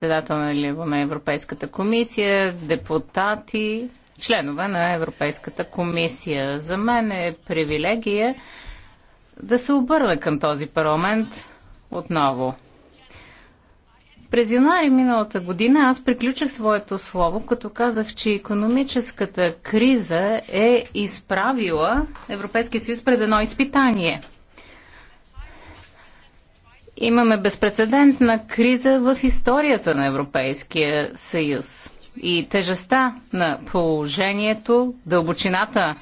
председател нали, на Европейската комисия, депутати, членове на Европейската комисия. За мен е привилегия да се обърна към този парламент отново. През януари миналата година аз приключих своето слово, като казах, че економическата криза е изправила Европейския съюз пред едно изпитание – Имаме безпредседентна криза в историята на Европейския съюз. И тежестта на положението, дълбочината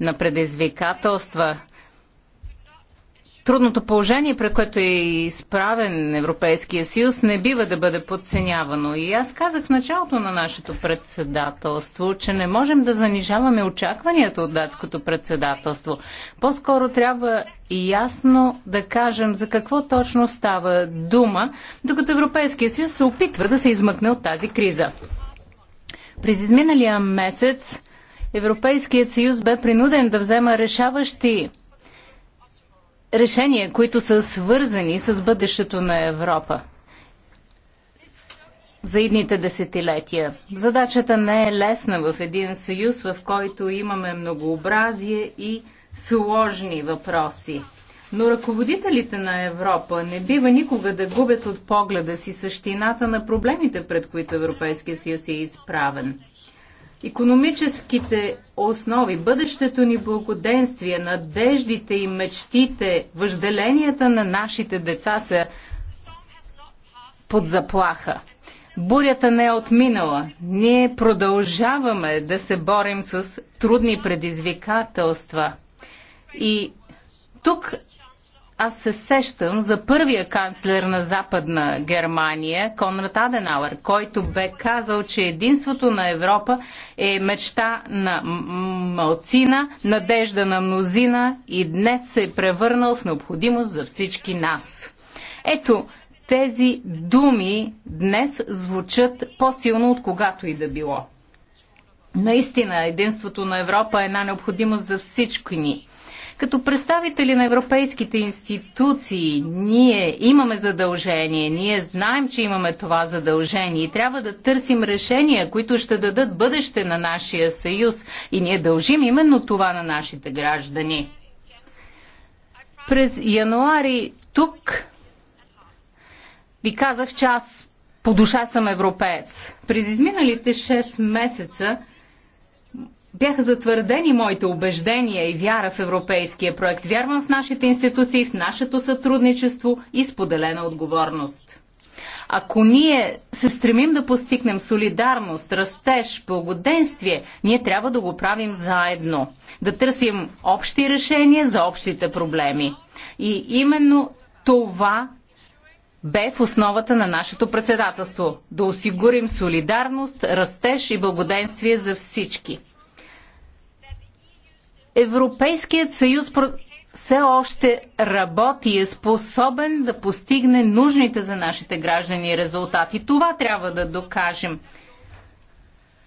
на предизвикателства, трудното положение, при което е изправен Европейския съюз, не бива да бъде подценявано. И аз казах в началото на нашето председателство, че не можем да занижаваме очакванията от датското председателство. По-скоро трябва и ясно да кажем за какво точно става дума, докато Европейския съюз се опитва да се измъкне от тази криза. През изминалия месец Европейският съюз бе принуден да взема решаващи решения, които са свързани с бъдещето на Европа за едните десетилетия. Задачата не е лесна в един съюз, в който имаме многообразие и сложни въпроси. Но ръководителите на Европа не бива никога да губят от погледа си същината на проблемите, пред които Европейския съюз е изправен. Економическите основи, бъдещето ни благоденствие, надеждите и мечтите, въжделенията на нашите деца са под заплаха. Бурята не е отминала. Ние продължаваме да се борим с трудни предизвикателства. И тук аз се сещам за първия канцлер на Западна Германия, Конрад Аденауер, който бе казал, че единството на Европа е мечта на малцина, надежда на мнозина и днес се е превърнал в необходимост за всички нас. Ето, тези думи днес звучат по-силно от когато и да било. Наистина, единството на Европа е една необходимост за всички ни. Като представители на европейските институции, ние имаме задължение, ние знаем, че имаме това задължение и трябва да търсим решения, които ще дадат бъдеще на нашия съюз и ние дължим именно това на нашите граждани. През януари тук ви казах, че аз по душа съм европеец. През изминалите 6 месеца бяха затвърдени моите убеждения и вяра в европейския проект. Вярвам в нашите институции, в нашето сътрудничество и споделена отговорност. Ако ние се стремим да постигнем солидарност, растеж, благоденствие, ние трябва да го правим заедно. Да търсим общи решения за общите проблеми. И именно това бе в основата на нашето председателство да осигурим солидарност, растеж и благоденствие за всички. Европейският съюз все още работи и е способен да постигне нужните за нашите граждани резултати. Това трябва да докажем.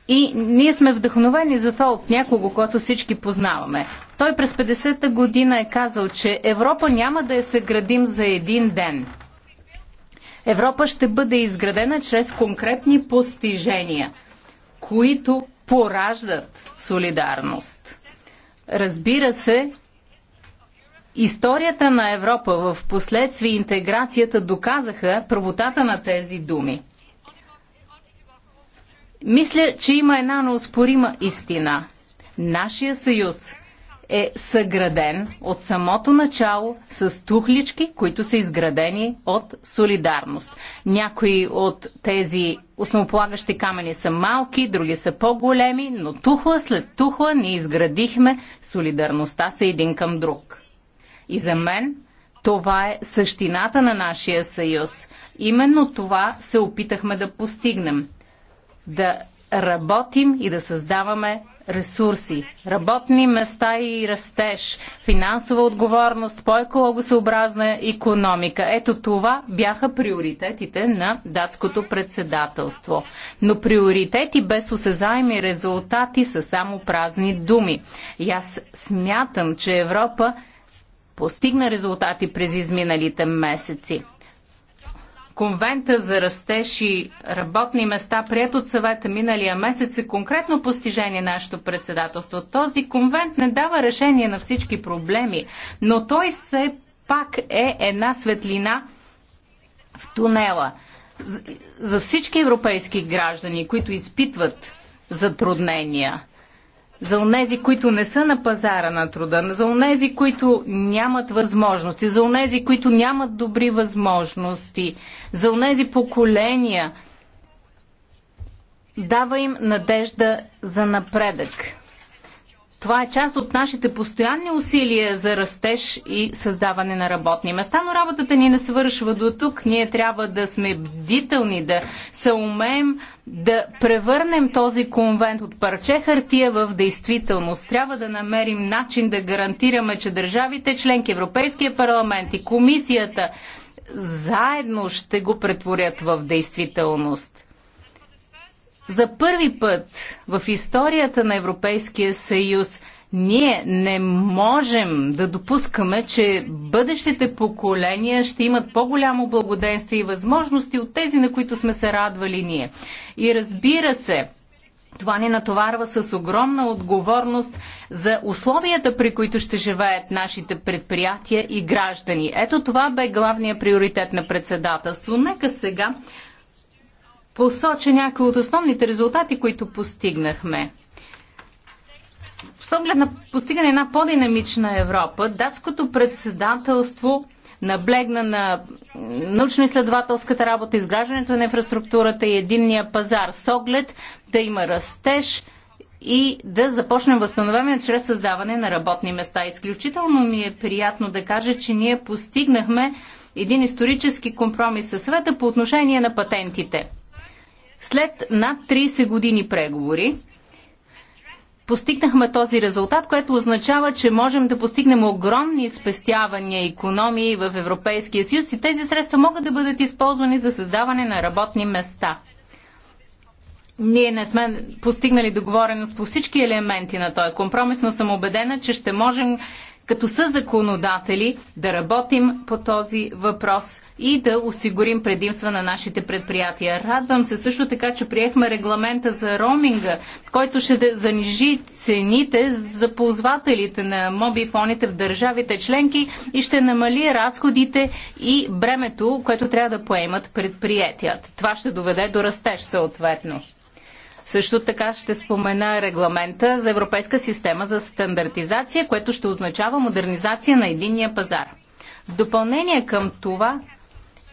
И ние сме вдъхновени за това от някого, който всички познаваме. Той през 50-та година е казал, че Европа няма да я съградим за един ден. Европа ще бъде изградена чрез конкретни постижения, които пораждат солидарност. Разбира се, историята на Европа в последствие интеграцията доказаха правотата на тези думи. Мисля, че има една неоспорима истина. Нашия съюз е съграден от самото начало с тухлички, които са изградени от солидарност. Някои от тези основополагащи камъни са малки, други са по-големи, но тухла след тухла ние изградихме солидарността се един към друг. И за мен това е същината на нашия съюз. Именно това се опитахме да постигнем. Да работим и да създаваме ресурси, работни места и растеж, финансова отговорност, по-екологосъобразна економика. Ето това бяха приоритетите на датското председателство. Но приоритети без осезаеми резултати са само празни думи. И аз смятам, че Европа постигна резултати през изминалите месеци конвента за растеж и работни места, прият от съвета миналия месец, е конкретно постижение нашето председателство. Този конвент не дава решение на всички проблеми, но той все пак е една светлина в тунела за всички европейски граждани, които изпитват затруднения за онези, които не са на пазара на труда, за онези, които нямат възможности, за онези, които нямат добри възможности, за онези поколения, дава им надежда за напредък. Това е част от нашите постоянни усилия за растеж и създаване на работни места, но работата ни не свършва до тук. Ние трябва да сме бдителни, да се умеем да превърнем този конвент от парче хартия в действителност. Трябва да намерим начин да гарантираме, че държавите членки, Европейския парламент и комисията заедно ще го претворят в действителност. За първи път в историята на Европейския съюз ние не можем да допускаме, че бъдещите поколения ще имат по-голямо благоденствие и възможности от тези, на които сме се радвали ние. И разбира се, това ни натоварва с огромна отговорност за условията, при които ще живеят нашите предприятия и граждани. Ето това бе главният приоритет на председателство. Нека сега посоча някои от основните резултати, които постигнахме. С оглед на постигане на по-динамична Европа, датското председателство наблегна на научно-изследователската работа, изграждането на инфраструктурата и единния пазар с оглед да има растеж и да започнем възстановяване чрез създаване на работни места. Изключително ми е приятно да кажа, че ние постигнахме един исторически компромис със света по отношение на патентите. След над 30 години преговори, постигнахме този резултат, което означава, че можем да постигнем огромни спестявания и економии в Европейския съюз и тези средства могат да бъдат използвани за създаване на работни места. Ние не сме постигнали договореност по всички елементи на този компромис, но съм убедена, че ще можем като са законодатели да работим по този въпрос и да осигурим предимства на нашите предприятия. Радвам се също така, че приехме регламента за роуминга, който ще занижи цените за ползвателите на мобифоните в държавите членки и ще намали разходите и бремето, което трябва да поемат предприятията. Това ще доведе до растеж съответно. Също така ще спомена регламента за Европейска система за стандартизация, което ще означава модернизация на единния пазар. В допълнение към това,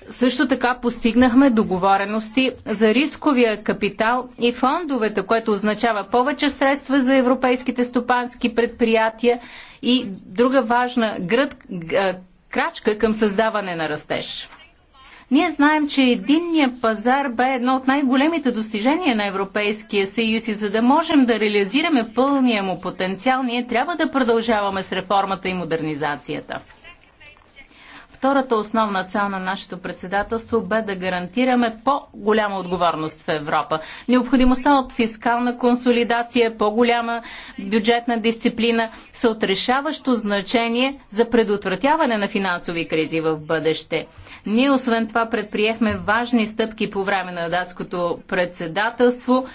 също така постигнахме договорености за рисковия капитал и фондовете, което означава повече средства за европейските стопански предприятия и друга важна гръд, крачка към създаване на растеж. Ние знаем, че единният пазар бе едно от най-големите достижения на Европейския съюз и за да можем да реализираме пълния му потенциал, ние трябва да продължаваме с реформата и модернизацията. Втората основна цел на нашето председателство бе да гарантираме по-голяма отговорност в Европа. Необходимостта от фискална консолидация, по-голяма бюджетна дисциплина са от решаващо значение за предотвратяване на финансови кризи в бъдеще. Ние освен това предприехме важни стъпки по време на датското председателство.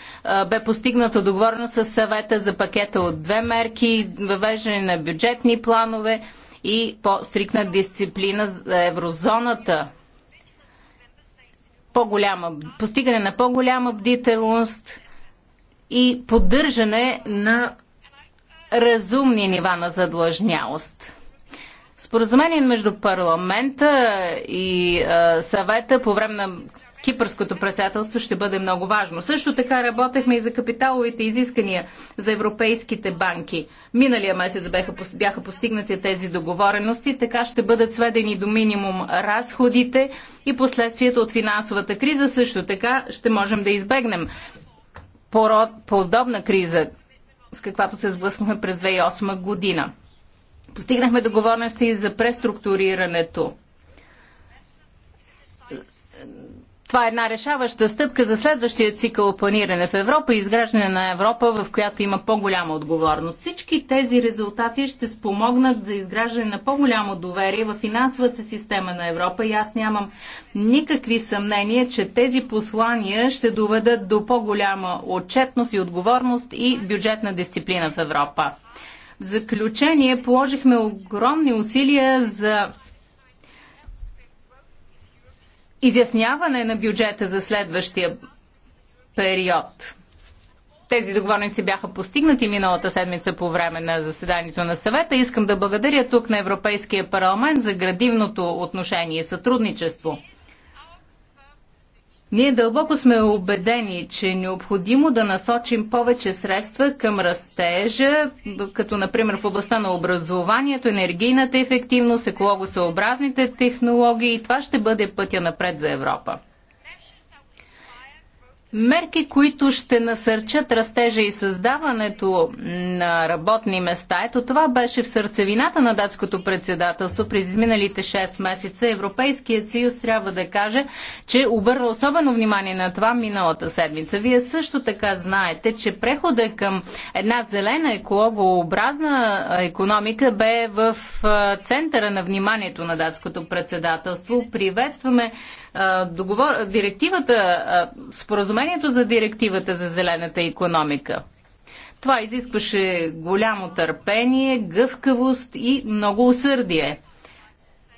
Бе постигнато договорно с съвета за пакета от две мерки, въвеждане на бюджетни планове, и по-стрикна дисциплина за еврозоната. По-голяма, постигане на по-голяма бдителност и поддържане на разумни нива на задлъжнялост. Споразумение между парламента и съвета по време на кипърското председателство ще бъде много важно. Също така работехме и за капиталовите изискания за европейските банки. Миналия месец бяха, бяха постигнати тези договорености, така ще бъдат сведени до минимум разходите и последствията от финансовата криза. Също така ще можем да избегнем подобна криза, с каквато се сблъснахме през 2008 година. Постигнахме договорности и за преструктурирането Това е една решаваща стъпка за следващия цикъл планиране в Европа и изграждане на Европа, в която има по-голяма отговорност. Всички тези резултати ще спомогнат за изграждане на по-голямо доверие в финансовата система на Европа и аз нямам никакви съмнения, че тези послания ще доведат до по-голяма отчетност и отговорност и бюджетна дисциплина в Европа. В заключение положихме огромни усилия за изясняване на бюджета за следващия период. Тези договорници бяха постигнати миналата седмица по време на заседанието на съвета. Искам да благодаря тук на Европейския парламент за градивното отношение и сътрудничество. Ние дълбоко сме убедени, че е необходимо да насочим повече средства към растежа, като например в областта на образованието, енергийната ефективност, екологосъобразните технологии и това ще бъде пътя напред за Европа мерки, които ще насърчат растежа и създаването на работни места. Ето това беше в сърцевината на датското председателство през изминалите 6 месеца. Европейският съюз трябва да каже, че обърна особено внимание на това миналата седмица. Вие също така знаете, че прехода към една зелена екологообразна економика бе в центъра на вниманието на датското председателство. Приветстваме договор, директивата, споразумението за директивата за зелената економика. Това изискваше голямо търпение, гъвкавост и много усърдие.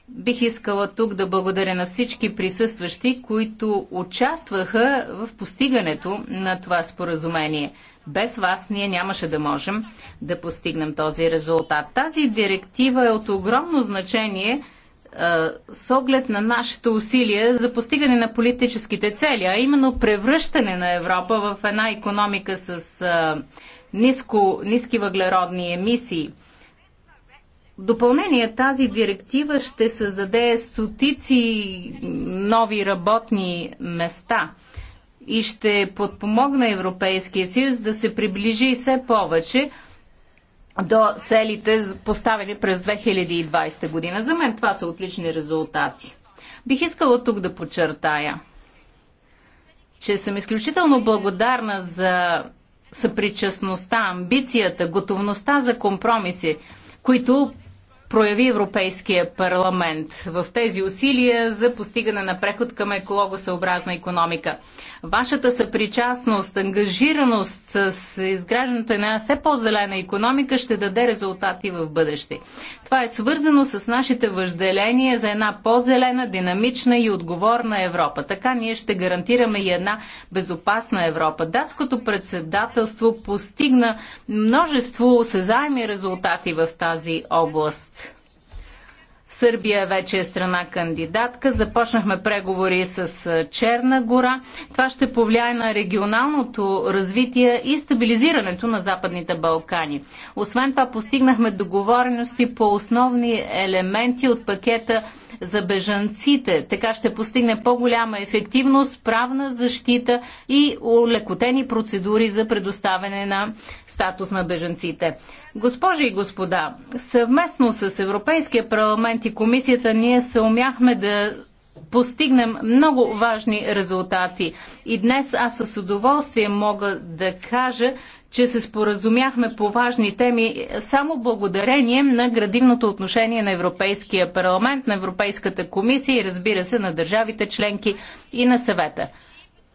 Бих искала тук да благодаря на всички присъстващи, които участваха в постигането на това споразумение. Без вас ние нямаше да можем да постигнем този резултат. Тази директива е от огромно значение – с оглед на нашето усилие за постигане на политическите цели, а именно превръщане на Европа в една економика с ниско, ниски въглеродни емисии. В допълнение тази директива ще създаде стотици нови работни места и ще подпомогне Европейския съюз да се приближи все повече – до целите поставени през 2020 година. За мен това са отлични резултати. Бих искала тук да подчертая, че съм изключително благодарна за съпричастността, амбицията, готовността за компромиси, които прояви Европейския парламент в тези усилия за постигане на преход към екологосъобразна економика. Вашата съпричастност, ангажираност с изграждането на все по-зелена економика ще даде резултати в бъдеще. Това е свързано с нашите въжделения за една по-зелена, динамична и отговорна Европа. Така ние ще гарантираме и една безопасна Европа. Датското председателство постигна множество осезаеми резултати в тази област. Сърбия вече е страна кандидатка. Започнахме преговори с Черна гора. Това ще повлияе на регионалното развитие и стабилизирането на Западните Балкани. Освен това, постигнахме договорености по основни елементи от пакета за бежанците. Така ще постигне по-голяма ефективност, правна защита и улекотени процедури за предоставяне на статус на бежанците. Госпожи и господа, съвместно с Европейския парламент и комисията ние се умяхме да постигнем много важни резултати. И днес аз с удоволствие мога да кажа, че се споразумяхме по важни теми само благодарение на градивното отношение на Европейския парламент, на Европейската комисия и разбира се на държавите членки и на съвета.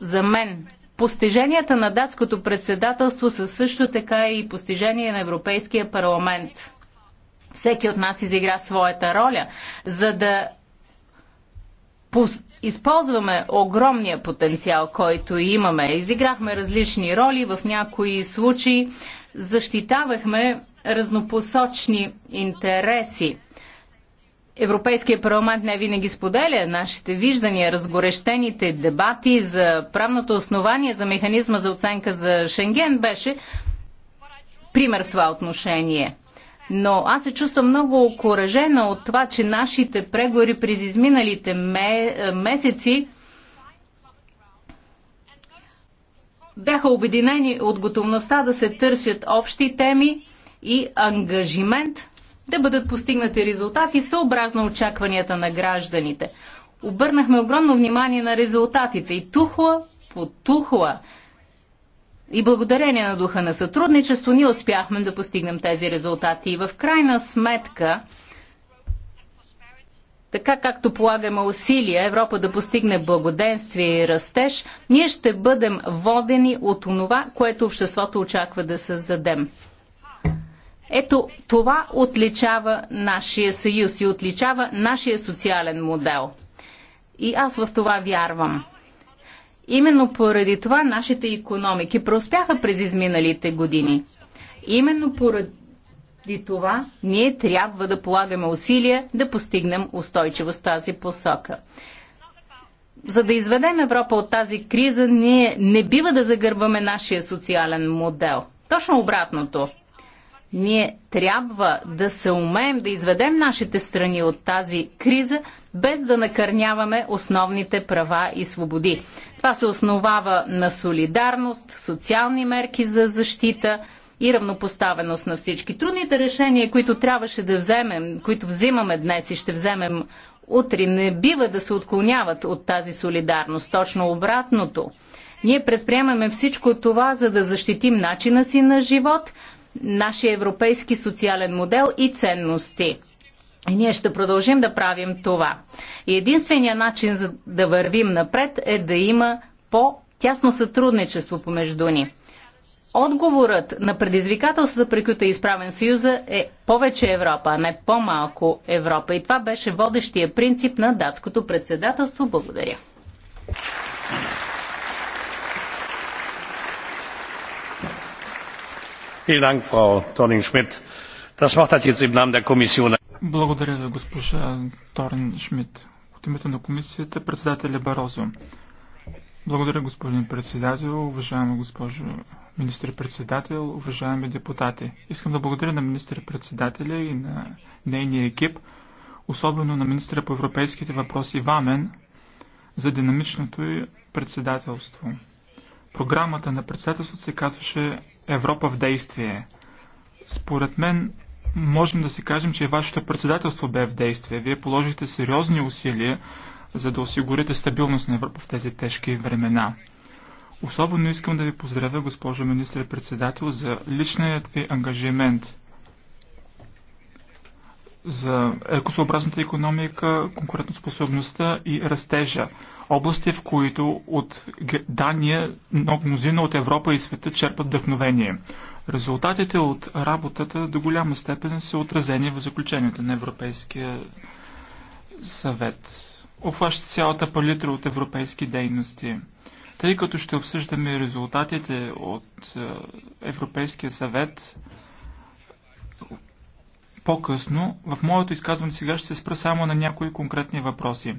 За мен Постиженията на датското председателство са също така и постижения на Европейския парламент. Всеки от нас изигра своята роля, за да използваме огромния потенциал, който имаме. Изиграхме различни роли, в някои случаи защитавахме разнопосочни интереси. Европейския парламент не винаги споделя нашите виждания, разгорещените дебати за правното основание за механизма за оценка за Шенген беше пример в това отношение. Но аз се чувствам много окоръжена от това, че нашите преговори през изминалите месеци бяха обединени от готовността да се търсят общи теми и ангажимент да бъдат постигнати резултати съобразно очакванията на гражданите. Обърнахме огромно внимание на резултатите и тухла по тухла. И благодарение на духа на сътрудничество ние успяхме да постигнем тези резултати. И в крайна сметка, така както полагаме усилия Европа да постигне благоденствие и растеж, ние ще бъдем водени от онова, което обществото очаква да създадем. Ето това отличава нашия съюз и отличава нашия социален модел. И аз в това вярвам. Именно поради това нашите економики преуспяха през изминалите години. Именно поради това ние трябва да полагаме усилия да постигнем устойчивост тази посока. За да изведем Европа от тази криза, ние не бива да загърбваме нашия социален модел. Точно обратното. Ние трябва да се умеем да изведем нашите страни от тази криза, без да накърняваме основните права и свободи. Това се основава на солидарност, социални мерки за защита и равнопоставеност на всички. Трудните решения, които трябваше да вземем, които взимаме днес и ще вземем утре, не бива да се отклоняват от тази солидарност. Точно обратното. Ние предприемаме всичко това, за да защитим начина си на живот, нашия европейски социален модел и ценности. И ние ще продължим да правим това. И единственият начин за да вървим напред е да има по-тясно сътрудничество помежду ни. Отговорът на предизвикателствата, при които е изправен Съюза, е повече Европа, а не по-малко Европа. И това беше водещия принцип на датското председателство. Благодаря. шмидт Благодаря ви, госпожа Торин шмидт От името на комисията, председателя Барозо. Благодаря, господин председател, уважаема госпожо министр-председател, уважаеми депутати. Искам да благодаря на министр-председателя и на нейния екип, особено на министра по европейските въпроси Вамен, за динамичното й председателство. Програмата на председателството се казваше Европа в действие. Според мен можем да си кажем, че вашето председателство бе в действие. Вие положихте сериозни усилия, за да осигурите стабилност на Европа в тези тежки времена. Особено искам да ви поздравя, госпожо министр-председател, за личният ви ангажимент за екосъобразната економика, конкурентоспособността и растежа области, в които от Дания много мнозина от Европа и света черпат вдъхновение. Резултатите от работата до голяма степен са отразени в заключенията на Европейския съвет. Обхваща цялата палитра от европейски дейности. Тъй като ще обсъждаме резултатите от е, Европейския съвет по-късно, в моето изказване сега ще се спра само на някои конкретни въпроси.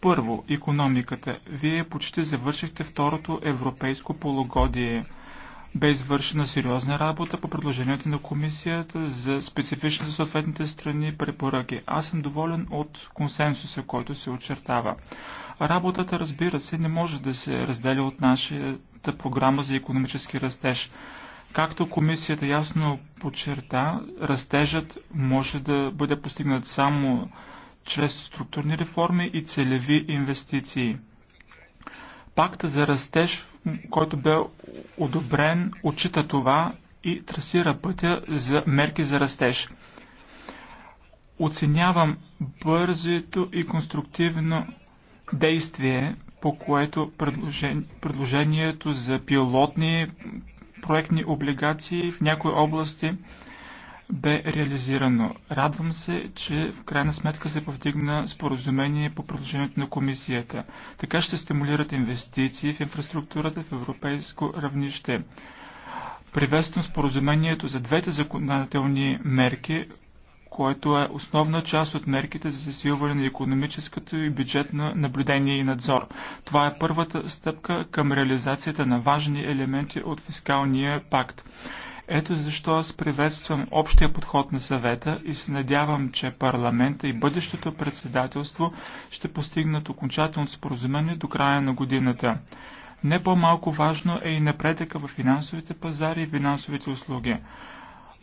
Първо, економиката. Вие почти завършихте второто европейско полугодие. Бе извършена сериозна работа по предложението на комисията за специфични за съответните страни препоръки. Аз съм доволен от консенсуса, който се очертава. Работата, разбира се, не може да се разделя от нашата програма за економически растеж. Както комисията ясно подчерта, растежът може да бъде постигнат само чрез структурни реформи и целеви инвестиции. Пакта за растеж, който бе одобрен, отчита това и трасира пътя за мерки за растеж. Оценявам бързото и конструктивно действие, по което предложението за пилотни проектни облигации в някои области – бе реализирано. Радвам се, че в крайна сметка се повдигна споразумение по предложението на комисията. Така ще стимулират инвестиции в инфраструктурата в европейско равнище. Приветствам споразумението за двете законодателни мерки, което е основна част от мерките за засилване на економическото и бюджетно наблюдение и надзор. Това е първата стъпка към реализацията на важни елементи от фискалния пакт. Ето защо аз приветствам общия подход на съвета и се надявам, че парламента и бъдещото председателство ще постигнат окончателно споразумение до края на годината. Не по-малко важно е и напредъка в финансовите пазари и финансовите услуги.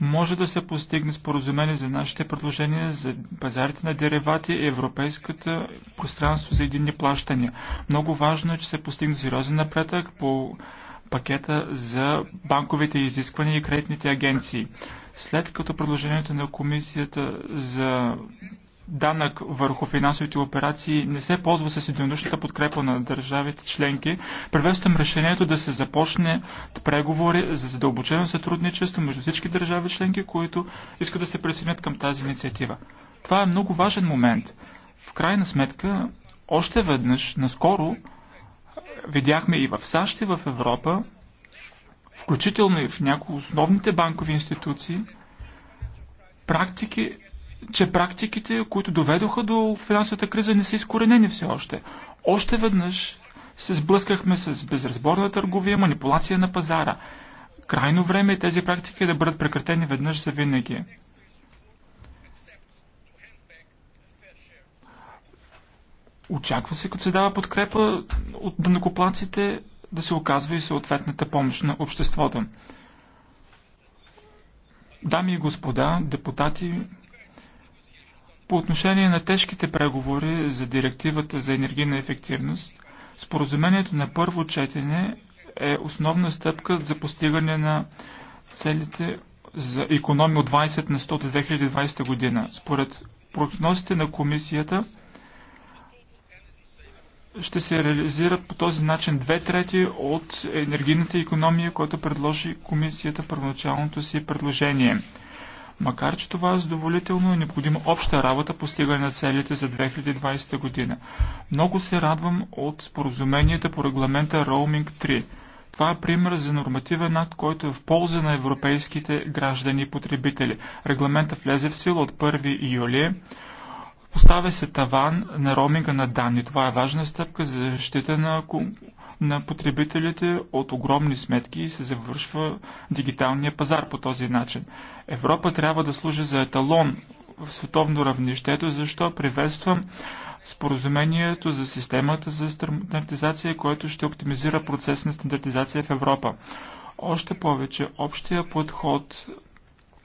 Може да се постигне споразумение за нашите предложения за пазарите на деревати и европейската пространство за единни плащания. Много важно е, че се постигне сериозен напредък по пакета за банковите изисквания и кредитните агенции. След като предложението на комисията за данък върху финансовите операции не се ползва с единодушната подкрепа на държавите членки, приветствам решението да се започне преговори за задълбочено сътрудничество между всички държави членки, които искат да се присъединят към тази инициатива. Това е много важен момент. В крайна сметка, още веднъж, наскоро, Видяхме и в САЩ и в Европа, включително и в някои основните банкови институции, практики, че практиките, които доведоха до финансовата криза, не са изкоренени все още. Още веднъж се сблъскахме с безразборна търговия, манипулация на пазара. Крайно време е тези практики да бъдат прекратени веднъж за винаги. Очаква се, като се дава подкрепа от данокоплаците, да се оказва и съответната помощ на обществото. Дами и господа, депутати, по отношение на тежките преговори за директивата за енергийна ефективност, споразумението на първо четене е основна стъпка за постигане на целите за економия от 20 на 100 до 2020 година. Според прогнозите на комисията, ще се реализират по този начин две трети от енергийната економия, която предложи комисията в първоначалното си предложение. Макар, че това е задоволително, е необходима обща работа постигане на целите за 2020 година. Много се радвам от споразуменията по регламента Roaming 3. Това е пример за нормативен акт, който е в полза на европейските граждани и потребители. Регламента влезе в сила от 1 юли. Поставя се таван на роуминга на данни. Това е важна стъпка за защита на, на потребителите от огромни сметки и се завършва дигиталния пазар по този начин. Европа трябва да служи за еталон в световно равнище. Ето защо приветствам споразумението за системата за стандартизация, което ще оптимизира процес на стандартизация в Европа. Още повече, общия подход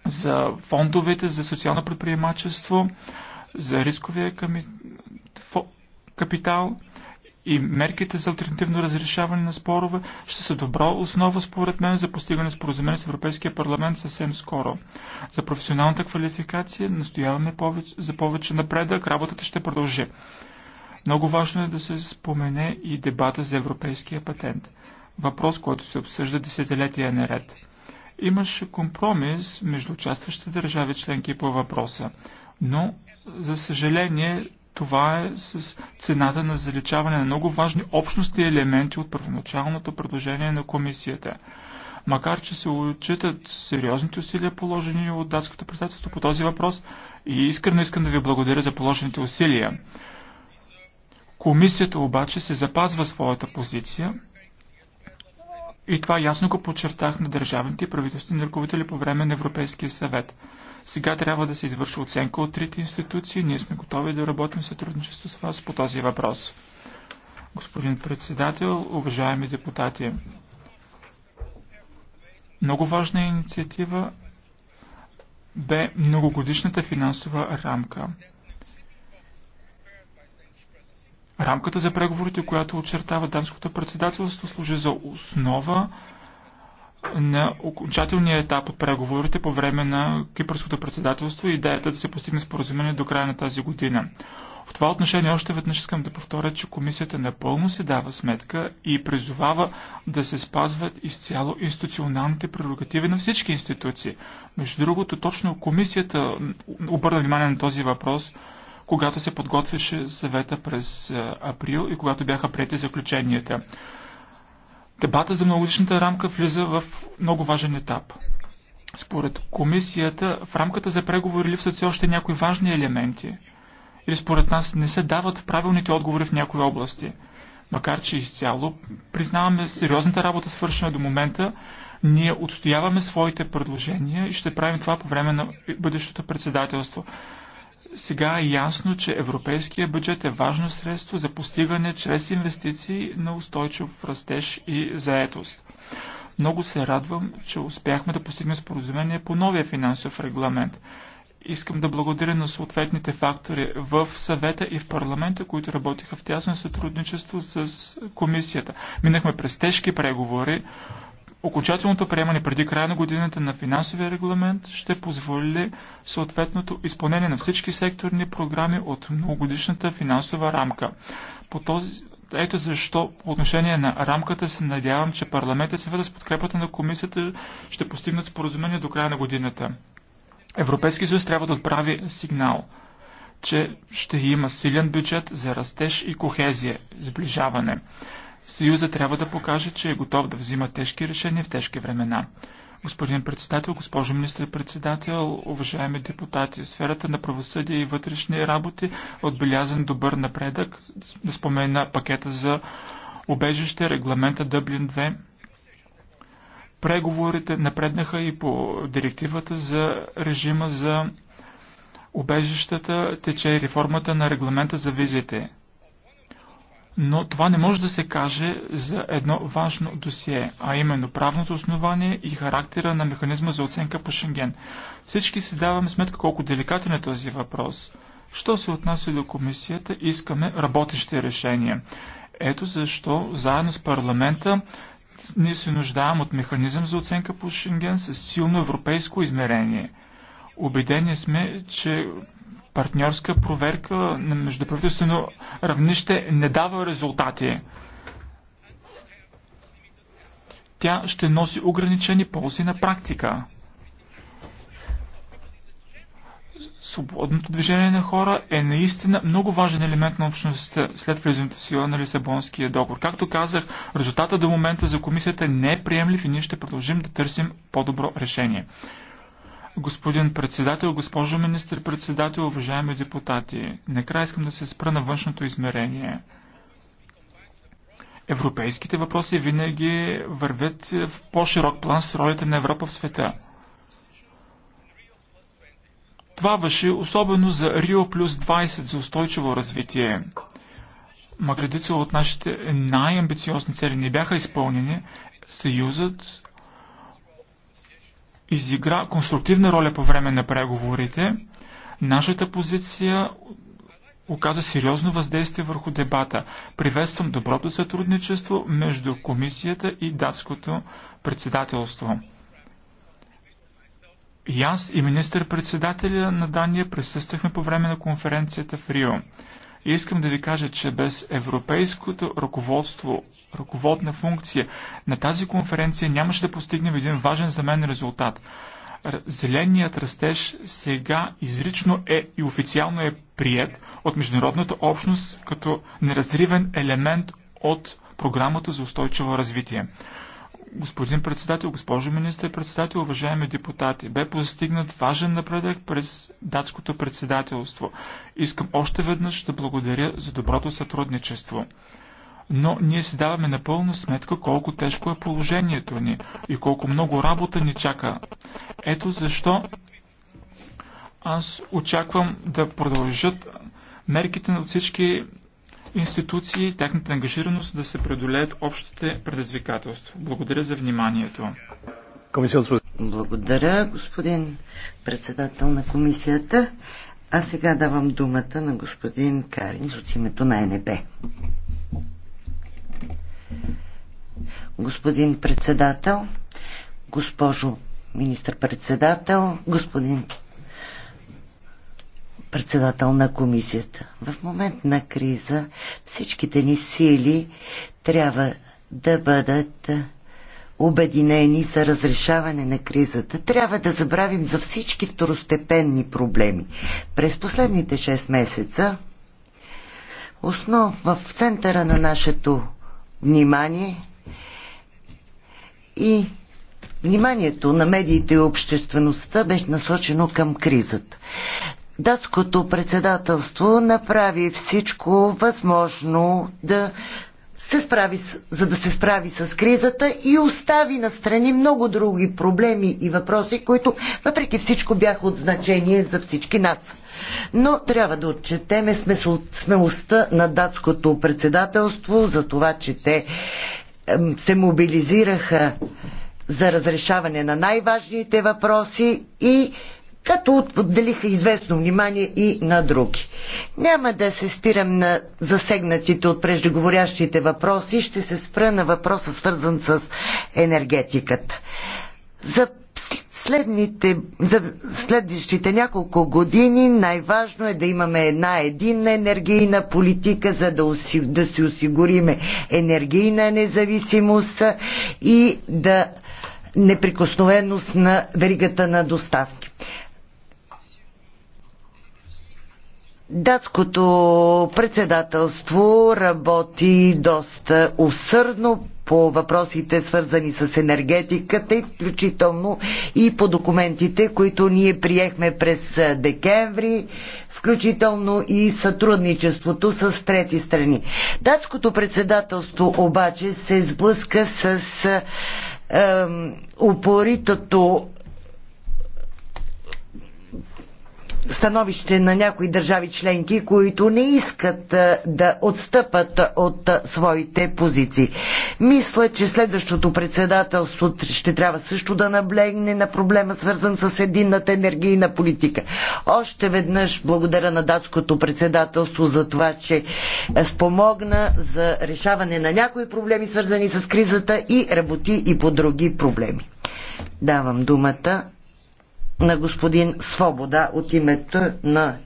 за фондовете за социално предприемачество – за рисковия капитал и мерките за альтернативно разрешаване на спорове ще са добра основа според мен за постигане споразумение с Европейския парламент съвсем скоро. За професионалната квалификация настояваме повече, за повече напредък, работата ще продължи. Много важно е да се спомене и дебата за европейския патент. Въпрос, който се обсъжда десетилетия наред. Имаше компромис между участващите държави членки по въпроса, но за съжаление, това е с цената на заличаване на много важни общности елементи от първоначалното предложение на комисията. Макар, че се отчитат сериозните усилия, положени от датското председателство по този въпрос, и искрено искам да ви благодаря за положените усилия. Комисията обаче се запазва своята позиция и това ясно го подчертах на държавните и правителствени ръководители по време на Европейския съвет. Сега трябва да се извърши оценка от трите институции. Ние сме готови да работим в сътрудничество с вас по този въпрос. Господин председател, уважаеми депутати, много важна инициатива бе многогодишната финансова рамка. Рамката за преговорите, която очертава данското председателство, служи за основа на окончателния етап от преговорите по време на кипърското председателство и идеята да се постигне споразумение до края на тази година. В това отношение още веднъж искам да повторя, че комисията напълно се дава сметка и призовава да се спазват изцяло институционалните прерогативи на всички институции. Между другото, точно комисията обърна внимание на този въпрос, когато се подготвяше съвета през април и когато бяха прияти заключенията. Дебата за многогодишната рамка влиза в много важен етап. Според комисията, в рамката за преговори липсват все още някои важни елементи. Или според нас не се дават правилните отговори в някои области. Макар че изцяло признаваме сериозната работа свършена до момента, ние отстояваме своите предложения и ще правим това по време на бъдещото председателство. Сега е ясно, че европейския бюджет е важно средство за постигане чрез инвестиции на устойчив растеж и заетост. Много се радвам, че успяхме да постигнем споразумение по новия финансов регламент. Искам да благодаря на съответните фактори в съвета и в парламента, които работиха в тясно сътрудничество с комисията. Минахме през тежки преговори, Окончателното приемане преди края на годината на финансовия регламент ще позволи съответното изпълнение на всички секторни програми от многогодишната финансова рамка. По този, ето защо по отношение на рамката се надявам, че парламентът съвета с подкрепата на комисията ще постигнат споразумение до края на годината. Европейски съюз трябва да отправи сигнал, че ще има силен бюджет за растеж и кохезия, сближаване. Съюза трябва да покаже, че е готов да взима тежки решения в тежки времена. Господин председател, госпожо министр-председател, уважаеми депутати, сферата на правосъдие и вътрешни работи е отбелязан добър напредък. Да спомена пакета за обежище, регламента Дъблин 2. Преговорите напреднаха и по директивата за режима за обежищата, тече и реформата на регламента за визите. Но това не може да се каже за едно важно досие, а именно правното основание и характера на механизма за оценка по Шенген. Всички си даваме сметка колко деликатен е този въпрос. Що се отнася до комисията, искаме работещи решения. Ето защо, заедно с парламента, ние се нуждаем от механизъм за оценка по Шенген с силно европейско измерение. Обедени сме, че партньорска проверка на междуправителствено равнище не дава резултати. Тя ще носи ограничени ползи на практика. Свободното движение на хора е наистина много важен елемент на общността след влизането в сила на Лисабонския договор. Както казах, резултата до момента за комисията не е приемлив и ние ще продължим да търсим по-добро решение. Господин председател, госпожо министр-председател, уважаеми депутати, накрая искам да се спра на външното измерение. Европейските въпроси винаги вървят в по-широк план с ролята на Европа в света. Това въжи особено за Рио плюс 20 за устойчиво развитие. Магредица от нашите най-амбициозни цели не бяха изпълнени, Съюзът изигра конструктивна роля по време на преговорите. Нашата позиция оказа сериозно въздействие върху дебата. Приветствам доброто сътрудничество между комисията и датското председателство. И аз и министър-председателя на Дания присъствахме по време на конференцията в Рио. И искам да ви кажа, че без европейското ръководство, ръководна функция на тази конференция нямаше да постигнем един важен за мен резултат. Зеленият растеж сега изрично е и официално е прият от международната общност като неразривен елемент от програмата за устойчиво развитие. Господин председател, госпожо министър председател, уважаеми депутати, бе постигнат важен напредък през датското председателство. Искам още веднъж да благодаря за доброто сътрудничество. Но ние си даваме напълно сметка колко тежко е положението ни и колко много работа ни чака. Ето защо аз очаквам да продължат мерките на всички институции и тяхната ангажираност да се преодолеят общите предизвикателства. Благодаря за вниманието. Благодаря, господин председател на комисията. А сега давам думата на господин Карин от името на НБ. Господин председател, госпожо министър-председател, господин председател на комисията. В момент на криза всичките ни сили трябва да бъдат обединени за разрешаване на кризата. Трябва да забравим за всички второстепенни проблеми. През последните 6 месеца основ в центъра на нашето внимание и вниманието на медиите и обществеността беше насочено към кризата датското председателство направи всичко възможно да се справи, за да се справи с кризата и остави настрани много други проблеми и въпроси, които въпреки всичко бяха от значение за всички нас. Но трябва да отчетеме смелостта на датското председателство за това, че те се мобилизираха за разрешаване на най-важните въпроси и като отделиха известно внимание и на други. Няма да се спирам на засегнатите от преждеговорящите въпроси, ще се спра на въпроса свързан с енергетиката. За следните, за следващите няколко години най-важно е да имаме една единна енергийна политика, за да, уси, да си осигуриме енергийна независимост и да неприкосновеност на веригата на доставки. Датското председателство работи доста усърдно по въпросите свързани с енергетиката и включително и по документите, които ние приехме през декември, включително и сътрудничеството с трети страни. Датското председателство обаче се сблъска с упоритото становище на някои държави членки, които не искат да отстъпат от своите позиции. Мисля, че следващото председателство ще трябва също да наблегне на проблема, свързан с единната енергийна политика. Още веднъж благодаря на датското председателство за това, че спомогна за решаване на някои проблеми, свързани с кризата и работи и по други проблеми. Давам думата на господин Свобода от името на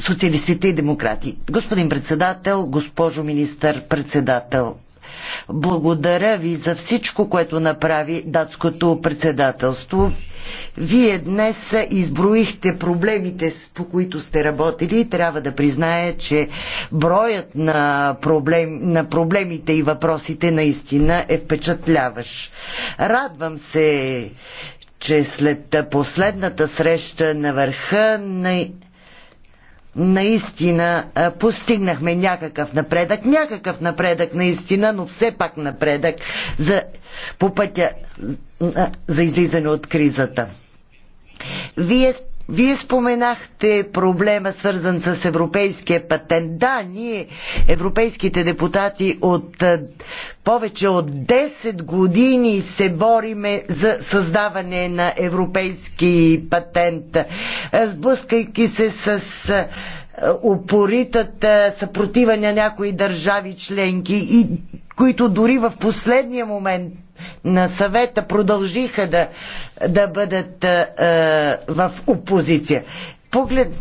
социалистите и демократи. Господин председател, госпожо министър председател, благодаря ви за всичко, което направи датското председателство. Вие днес изброихте проблемите, по които сте работили и трябва да призная, че броят на, проблем, на проблемите и въпросите наистина е впечатляващ. Радвам се, че след последната среща на върха на наистина постигнахме някакъв напредък, някакъв напредък наистина, но все пак напредък за, по пътя за излизане от кризата. Вие вие споменахте проблема свързан с европейския патент. Да, ние, европейските депутати от е, повече от 10 години се бориме за създаване на европейски патент, е, сблъскайки се с е, упоритата съпротива на някои държави членки и които дори в последния момент на съвета продължиха да, да бъдат е, в опозиция. Поглед,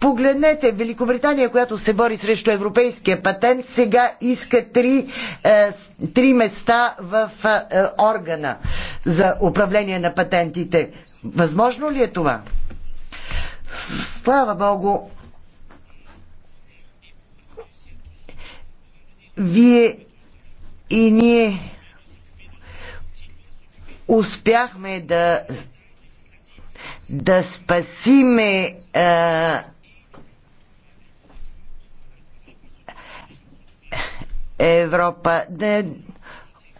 Погледнете Великобритания, която се бори срещу европейския патент, сега иска три, е, три места в е, органа за управление на патентите. Възможно ли е това? Слава Богу! Вие и ние успяхме да да спасиме а, Европа. Да,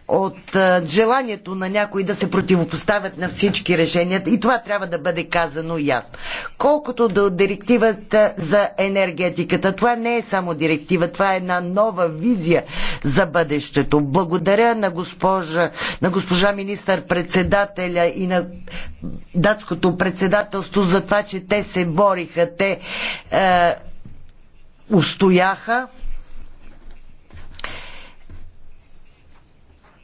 от желанието на някои да се противопоставят на всички решения и това трябва да бъде казано ясно. Колкото до директивата за енергетиката, това не е само директива, това е една нова визия за бъдещето. Благодаря на госпожа, на госпожа министър-председателя и на датското председателство за това, че те се бориха, те е, устояха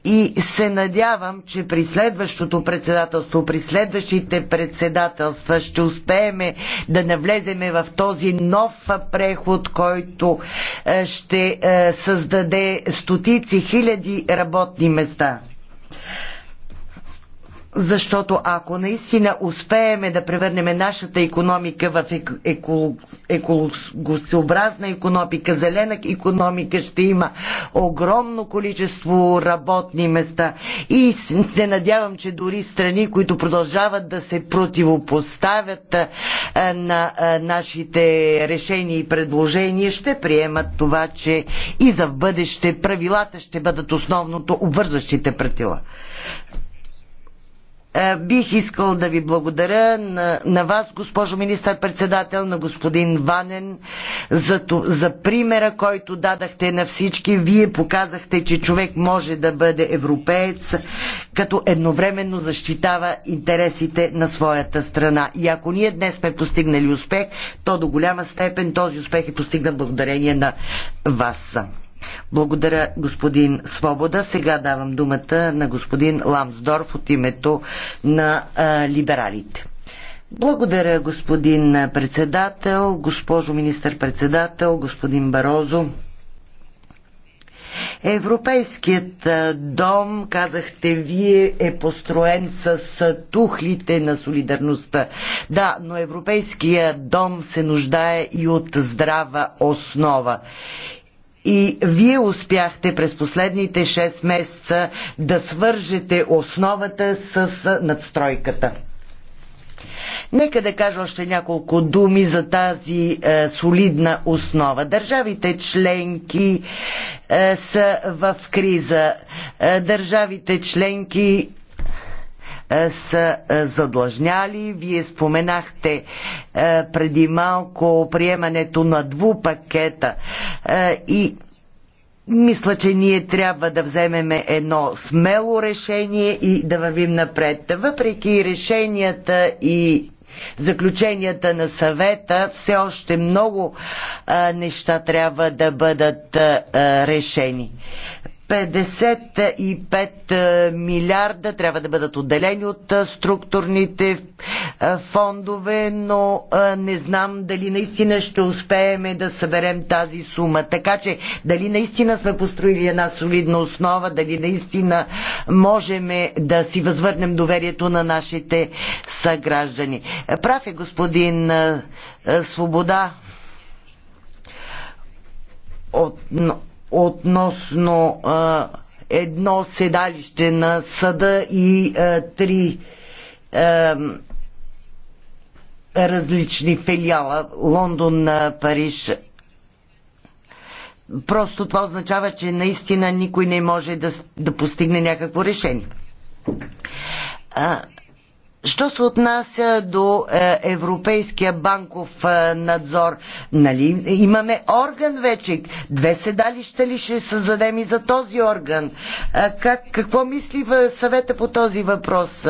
и се надявам, че при следващото председателство, при следващите председателства ще успеем да навлеземе в този нов преход, който е, ще е, създаде стотици хиляди работни места. Защото ако наистина успееме да превърнем нашата економика в екологосъобразна економика, зелена економика, ще има огромно количество работни места. И се надявам, че дори страни, които продължават да се противопоставят на нашите решения и предложения, ще приемат това, че и за в бъдеще правилата ще бъдат основното обвързващите правила. Е, бих искал да ви благодаря на, на вас, госпожо министър-председател, на господин Ванен, за, за примера, който дадахте на всички. Вие показахте, че човек може да бъде европеец, като едновременно защитава интересите на своята страна. И ако ние днес сме постигнали успех, то до голяма степен този успех е постигнат благодарение на вас. Благодаря, господин Свобода. Сега давам думата на господин Ламсдорф от името на а, либералите. Благодаря, господин председател, госпожо министър-председател, господин Барозо. Европейският дом, казахте вие, е построен с тухлите на солидарността. Да, но Европейският дом се нуждае и от здрава основа и вие успяхте през последните 6 месеца да свържете основата с надстройката. Нека да кажа още няколко думи за тази е, солидна основа. Държавите членки е, са в криза. Е, държавите членки е, са е, задлъжняли. Вие споменахте е, преди малко приемането на двупакета и мисля, че ние трябва да вземем едно смело решение и да вървим напред. Въпреки решенията и заключенията на съвета, все още много а, неща трябва да бъдат а, решени. 55 е, милиарда трябва да бъдат отделени от е, структурните е, фондове, но не знам дали наистина ще успеем да съберем тази сума. Така че дали наистина сме построили една солидна основа, дали наистина можем да си възвърнем доверието на нашите съграждани. Прав е господин Свобода от относно а, едно седалище на съда и а, три а, различни филиала Лондон, Париж. Просто това означава, че наистина никой не може да, да постигне някакво решение. А, Що се отнася до е, Европейския банков е, надзор, нали, имаме орган вече. Две седалища ли ще създадем и за този орган? Е, как, какво мисли съвета по този въпрос?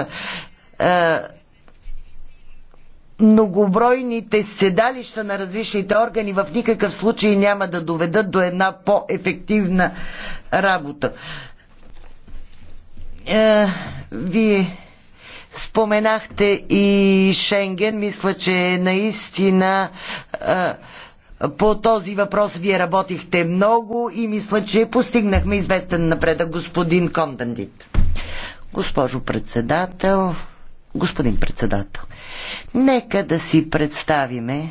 многобройните седалища на различните органи в никакъв случай няма да доведат до една по-ефективна работа. вие Споменахте и Шенген. Мисля, че наистина по този въпрос вие работихте много и мисля, че постигнахме известен напредък, господин Кондандит. Госпожо председател, господин председател, нека да си представиме,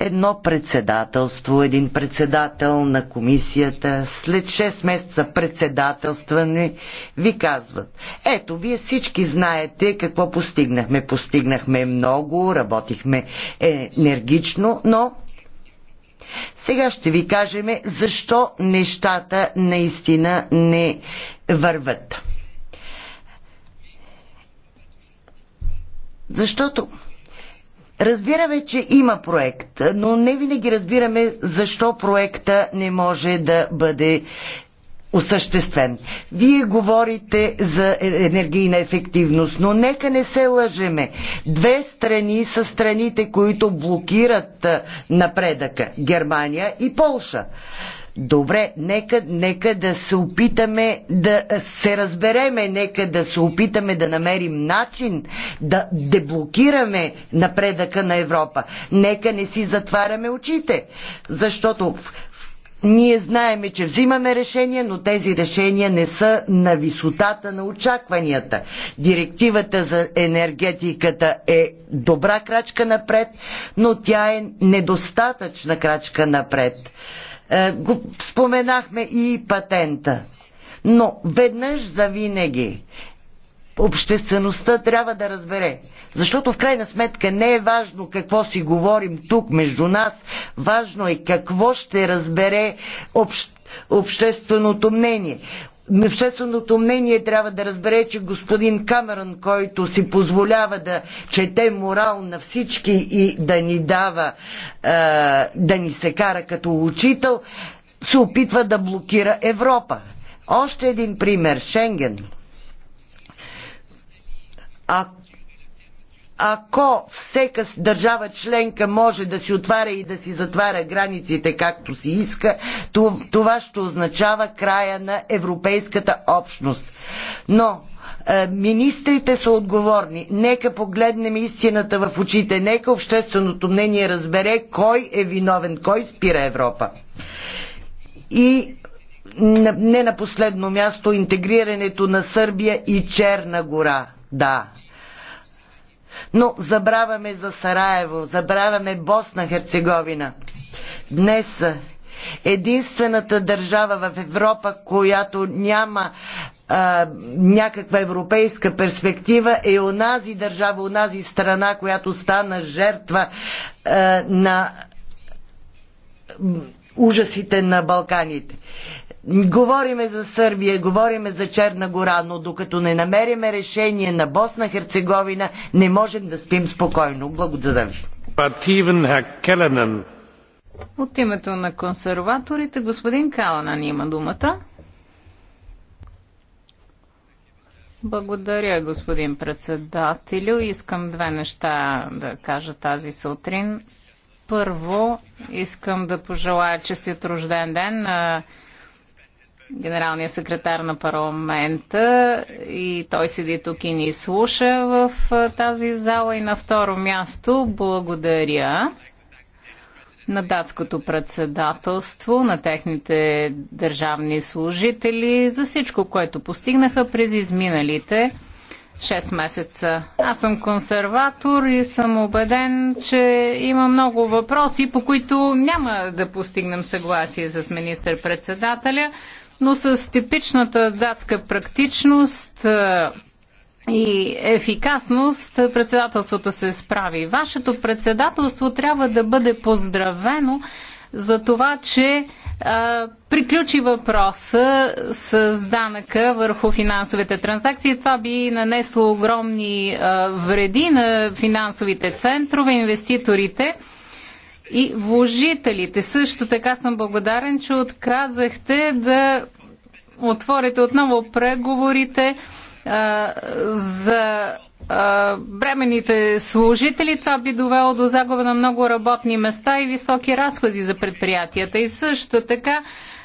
едно председателство, един председател на комисията, след 6 месеца председателстване ви казват, ето, вие всички знаете какво постигнахме. Постигнахме много, работихме е, енергично, но сега ще ви кажем защо нещата наистина не върват. Защото Разбираме, че има проект, но не винаги разбираме защо проекта не може да бъде осъществен. Вие говорите за енергийна ефективност, но нека не се лъжеме. Две страни са страните, които блокират напредъка Германия и Полша. Добре, нека, нека да се опитаме да се разбереме, нека да се опитаме да намерим начин да деблокираме напредъка на Европа. Нека не си затваряме очите, защото ние знаеме, че взимаме решения, но тези решения не са на висотата на очакванията. Директивата за енергетиката е добра крачка напред, но тя е недостатъчна крачка напред. Е, го споменахме и патента. Но веднъж за винаги обществеността трябва да разбере. Защото в крайна сметка не е важно какво си говорим тук между нас, важно е какво ще разбере общ... общественото мнение общественото мнение трябва да разбере, че господин Камерън, който си позволява да чете морал на всички и да ни дава, е, да ни се кара като учител, се опитва да блокира Европа. Още един пример Шенген. Ако ако всека държава членка може да си отваря и да си затваря границите както си иска, това ще означава края на Европейската общност. Но е, министрите са отговорни. Нека погледнем истината в очите. Нека общественото мнение разбере кой е виновен, кой спира Европа. И не на последно място интегрирането на Сърбия и Черна гора. Да, но забравяме за Сараево, забравяме Босна Херцеговина. Днес единствената държава в Европа, която няма а, някаква европейска перспектива е онази държава, онази страна, която стана жертва а, на ужасите на Балканите. Говориме за Сърбия, говориме за Черна гора, но докато не намериме решение на Босна Херцеговина, не можем да спим спокойно. Благодаря ви. От името на консерваторите, господин Каланан има думата. Благодаря, господин председателю. Искам две неща да кажа тази сутрин. Първо, искам да пожелая честит рожден ден на генералния секретар на парламента и той седи тук и ни слуша в тази зала. И на второ място благодаря на датското председателство, на техните държавни служители за всичко, което постигнаха през изминалите 6 месеца. Аз съм консерватор и съм убеден, че има много въпроси, по които няма да постигнем съгласие с министър-председателя, но с типичната датска практичност е, и ефикасност председателството се справи. Вашето председателство трябва да бъде поздравено за това, че а, е, приключи въпроса с данъка върху финансовите транзакции. Това би нанесло огромни а, е, вреди на финансовите центрове, инвеститорите и вложителите. Също така съм благодарен, че отказахте да отворите отново преговорите а, за а, бременните служители. Това би довело до загуба на много работни места и високи разходи за предприятията. И също така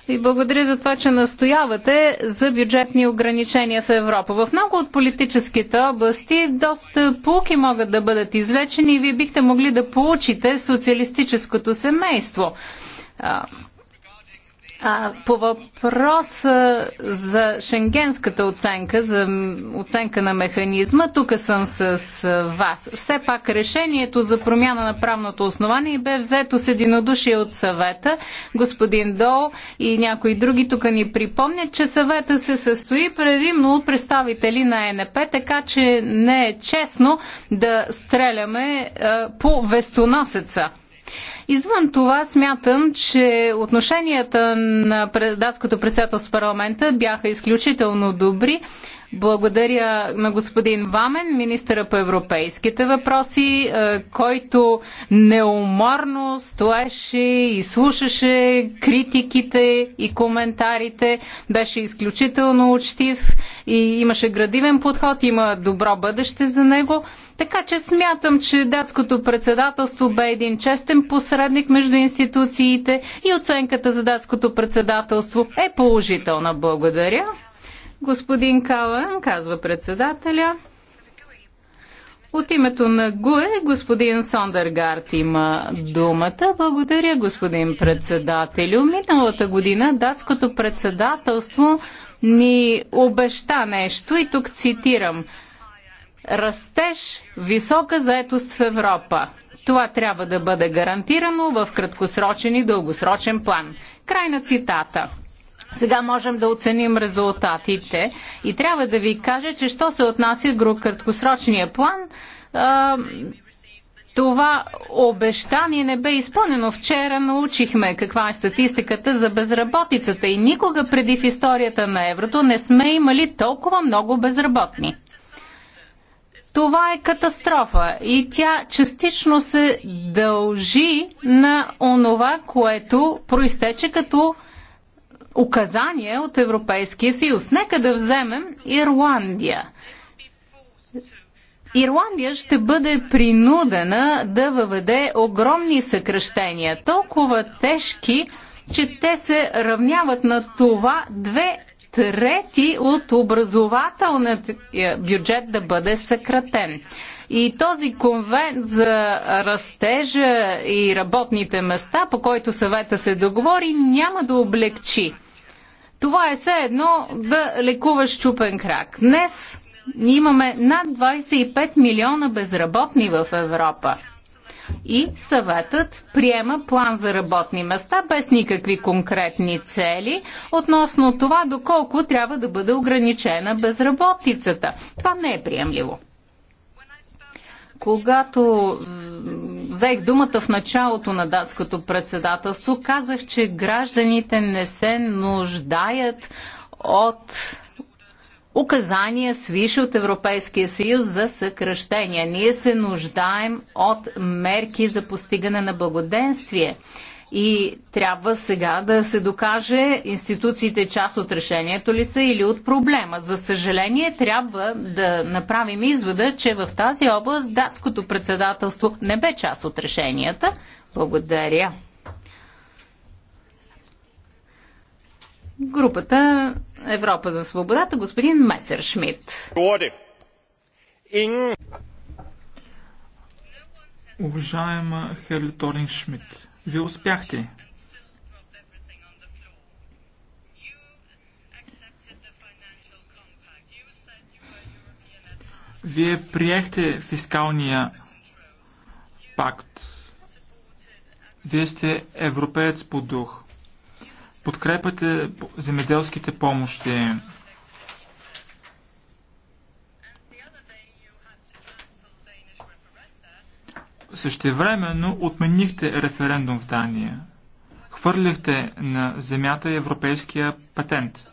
ви благодаря за това, че настоявате за бюджетни ограничения в Европа. В много от политическите области доста полки могат да бъдат извлечени и вие бихте могли да получите социалистическото семейство а, по въпроса за шенгенската оценка, за оценка на механизма, тук съм с вас. Все пак решението за промяна на правното основание бе взето с единодушие от съвета. Господин Дол и някои други тук ни припомнят, че съвета се състои предимно от представители на ЕНП, така че не е честно да стреляме а, по вестоносеца. Извън това смятам, че отношенията на датското председателство с парламента бяха изключително добри. Благодаря на господин Вамен, министъра по европейските въпроси, е, който неуморно стоеше и слушаше критиките и коментарите. Беше изключително учтив и имаше градивен подход, има добро бъдеще за него. Така че смятам, че датското председателство бе един честен посредник между институциите и оценката за датското председателство е положителна. Благодаря. Господин Калън, казва председателя. От името на ГУЕ господин Сондергард има думата. Благодаря, господин председателю. Миналата година датското председателство ни обеща нещо и тук цитирам – растеж, висока заетост в Европа. Това трябва да бъде гарантирано в краткосрочен и дългосрочен план. Край на цитата. Сега можем да оценим резултатите и трябва да ви кажа, че що се отнася до краткосрочния план, това обещание не бе изпълнено. Вчера научихме каква е статистиката за безработицата и никога преди в историята на еврото не сме имали толкова много безработни. Това е катастрофа и тя частично се дължи на онова, което проистече като указание от Европейския съюз. Нека да вземем Ирландия. Ирландия ще бъде принудена да въведе огромни съкръщения, толкова тежки, че те се равняват на това две трети от образователният бюджет да бъде съкратен. И този конвент за растежа и работните места, по който съвета се договори, няма да облегчи. Това е все едно да лекуваш чупен крак. Днес имаме над 25 милиона безработни в Европа и съветът приема план за работни места без никакви конкретни цели относно това доколко трябва да бъде ограничена безработицата. Това не е приемливо когато взех думата в началото на датското председателство, казах, че гражданите не се нуждаят от указания свише от Европейския съюз за съкръщения. Ние се нуждаем от мерки за постигане на благоденствие. И трябва сега да се докаже институциите част от решението ли са или от проблема. За съжаление, трябва да направим извода, че в тази област датското председателство не бе част от решенията. Благодаря. групата Европа за свободата, господин Месер Шмидт. Уважаема Хели Торинг Шмидт, ви успяхте. Вие приехте фискалния пакт. Вие сте европеец по дух подкрепяте земеделските помощи. Същевременно отменихте референдум в Дания. Хвърлихте на земята европейския патент.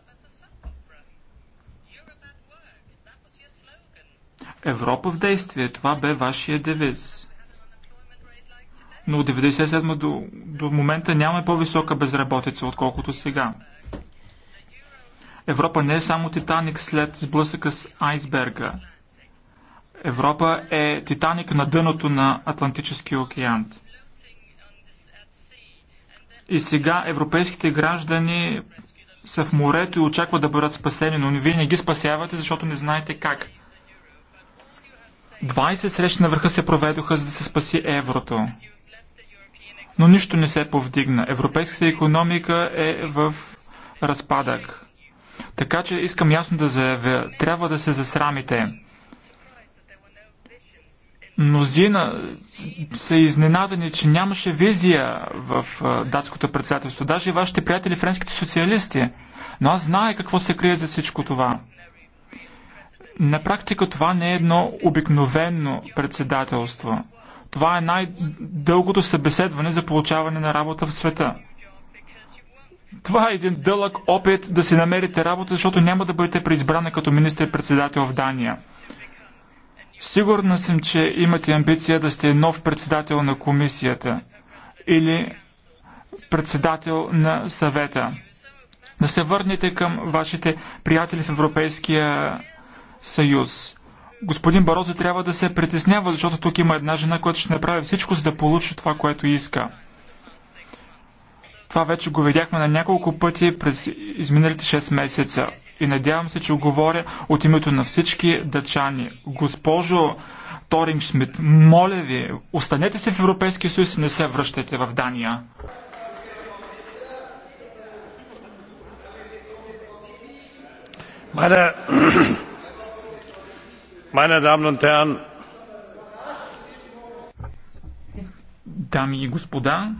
Европа в действие, това бе вашия девиз но от 1997 до, до момента няма по-висока безработица, отколкото сега. Европа не е само Титаник след сблъсъка с айсберга. Европа е Титаник на дъното на Атлантическия океан. И сега европейските граждани са в морето и очакват да бъдат спасени, но вие не ги спасявате, защото не знаете как. 20 срещи на върха се проведоха, за да се спаси еврото но нищо не се повдигна. Европейската економика е в разпадък. Така че искам ясно да заявя, трябва да се засрамите. Мнозина са изненадани, че нямаше визия в датското председателство. Даже и вашите приятели, френските социалисти. Но аз знае какво се крие за всичко това. На практика това не е едно обикновено председателство. Това е най-дългото събеседване за получаване на работа в света. Това е един дълъг опит да си намерите работа, защото няма да бъдете преизбрана като министър-председател в Дания. Сигурна съм, че имате амбиция да сте нов председател на комисията или председател на съвета. Да се върнете към вашите приятели в Европейския съюз господин Барозо трябва да се притеснява, защото тук има една жена, която ще направи всичко, за да получи това, което иска. Това вече го видяхме на няколко пъти през изминалите 6 месеца. И надявам се, че говоря от името на всички дъчани. Госпожо Торинг Шмидт, моля ви, останете се в Европейския съюз и не се връщайте в Дания. Meine Meine Damen und Herren, Дами и господа,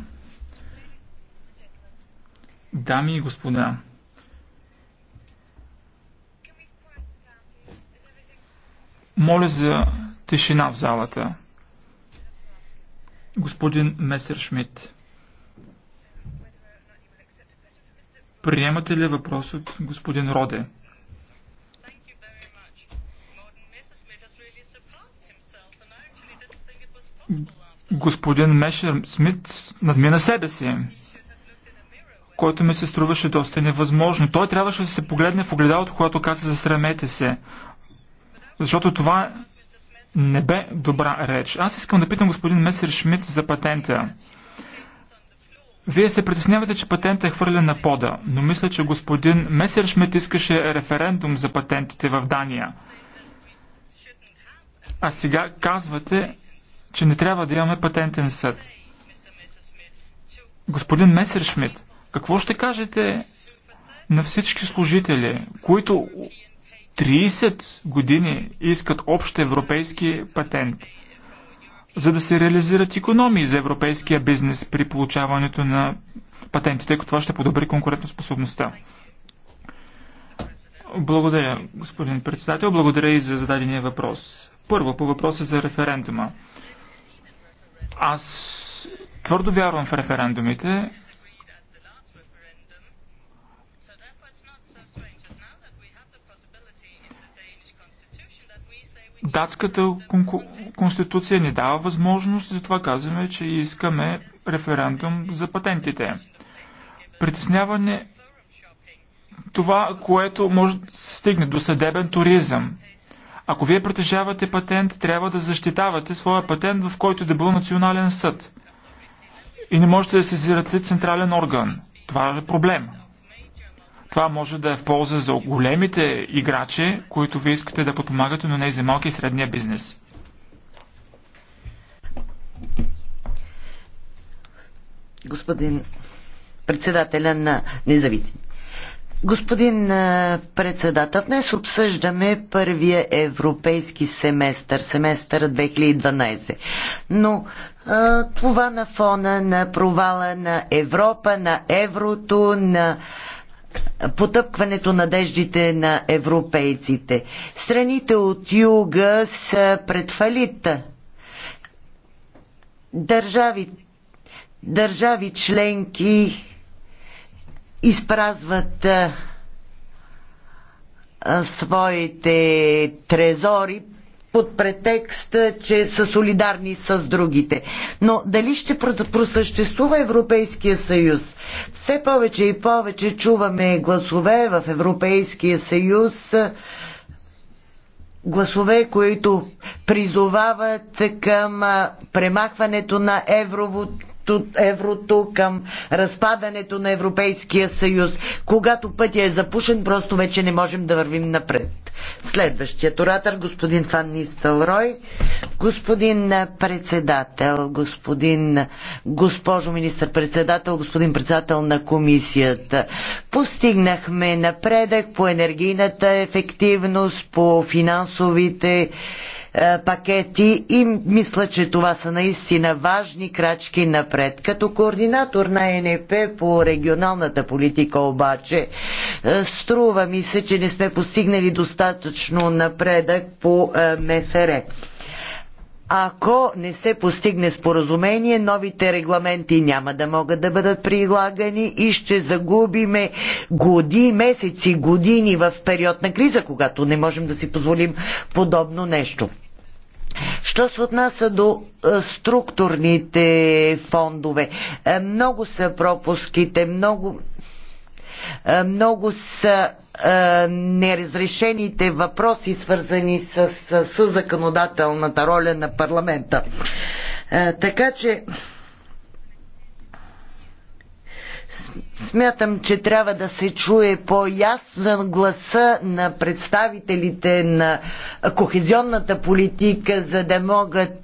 дами и господа, моля за тишина в залата. Господин Месер Шмидт, приемате ли въпрос от господин Роде? господин Мешер Смит надмина себе си, който ми се струваше доста невъзможно. Той трябваше да се погледне в огледалото, когато каза срамете се. Защото това не бе добра реч. Аз искам да питам господин Месер Шмидт за патента. Вие се притеснявате, че патента е хвърлен на пода, но мисля, че господин Месер Шмидт искаше референдум за патентите в Дания. А сега казвате, че не трябва да имаме патентен съд. Господин Месершмит, какво ще кажете на всички служители, които 30 години искат общ европейски патент, за да се реализират економии за европейския бизнес при получаването на патенти, тъй като това ще подобри конкурентоспособността. Благодаря, господин председател. Благодаря и за зададения въпрос. Първо, по въпроса за референдума. Аз твърдо вярвам в референдумите. Датската конституция ни дава възможност, затова казваме, че искаме референдум за патентите. Притесняване това, което може да стигне до съдебен туризъм. Ако вие притежавате патент, трябва да защитавате своя патент, в който да е бил национален съд. И не можете да сезирате централен орган. Това е проблем. Това може да е в полза за големите играчи, които вие искате да подпомагате, но не и за малки и средния бизнес. Господин председателя на независим. Господин председател, днес обсъждаме първия европейски семестър, семестър 2012. Но това на фона на провала на Европа, на еврото, на потъпкването надеждите на европейците. Страните от юга са пред фалита. Държави, държави членки изпразват а, своите трезори под претекст, че са солидарни с другите. Но дали ще просъществува Европейския съюз? Все повече и повече чуваме гласове в Европейския съюз, гласове, които призовават към премахването на евровото еврото, към разпадането на Европейския съюз. Когато пътя е запушен, просто вече не можем да вървим напред. Следващият оратор, господин Фан Нистелрой, господин председател, господин госпожо министър-председател, господин председател на комисията. Постигнахме напредък по енергийната ефективност, по финансовите е, пакети и мисля, че това са наистина важни крачки напред. Като координатор на НП по регионалната политика обаче, е, струва ми се, че не сме постигнали достатъчно напредък по е, МФР. Ако не се постигне споразумение, новите регламенти няма да могат да бъдат прилагани и ще загубиме годи, месеци, години в период на криза, когато не можем да си позволим подобно нещо. Що се отнася до е, структурните фондове, е, много са пропуските, много, е, много са неразрешените въпроси, свързани с, с, с законодателната роля на парламента. Така че Смятам, че трябва да се чуе по-ясно гласа на представителите на кохезионната политика, за да могат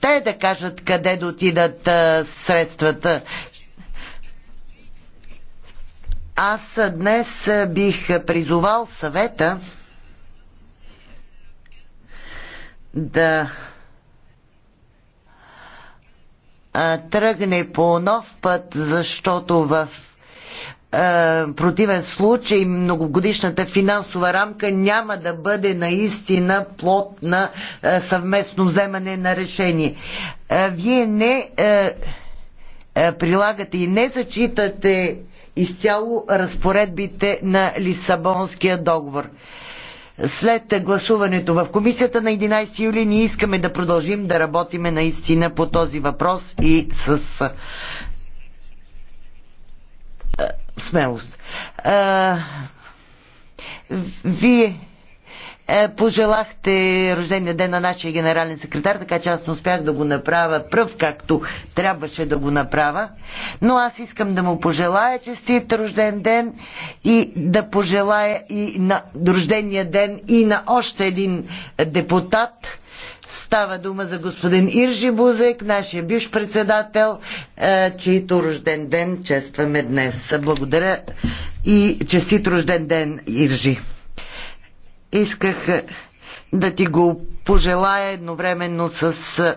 те да кажат къде да отидат средствата. Аз днес бих призовал съвета да тръгне по нов път, защото в противен случай многогодишната финансова рамка няма да бъде наистина плод на съвместно вземане на решение. Вие не прилагате и не зачитате изцяло разпоредбите на Лисабонския договор след гласуването в комисията на 11 юли ние искаме да продължим да работиме наистина по този въпрос и с смелост. вие е, пожелахте рождения ден на нашия генерален секретар, така че аз не успях да го направя пръв, както трябваше да го направя. Но аз искам да му пожелая честит рожден ден и да пожелая и на рождения ден и на още един депутат. Става дума за господин Иржи Бузек, нашия бивш председател, е, чието рожден ден честваме днес. Благодаря и честит рожден ден, Иржи. Исках е, да ти го пожелая едновременно с е,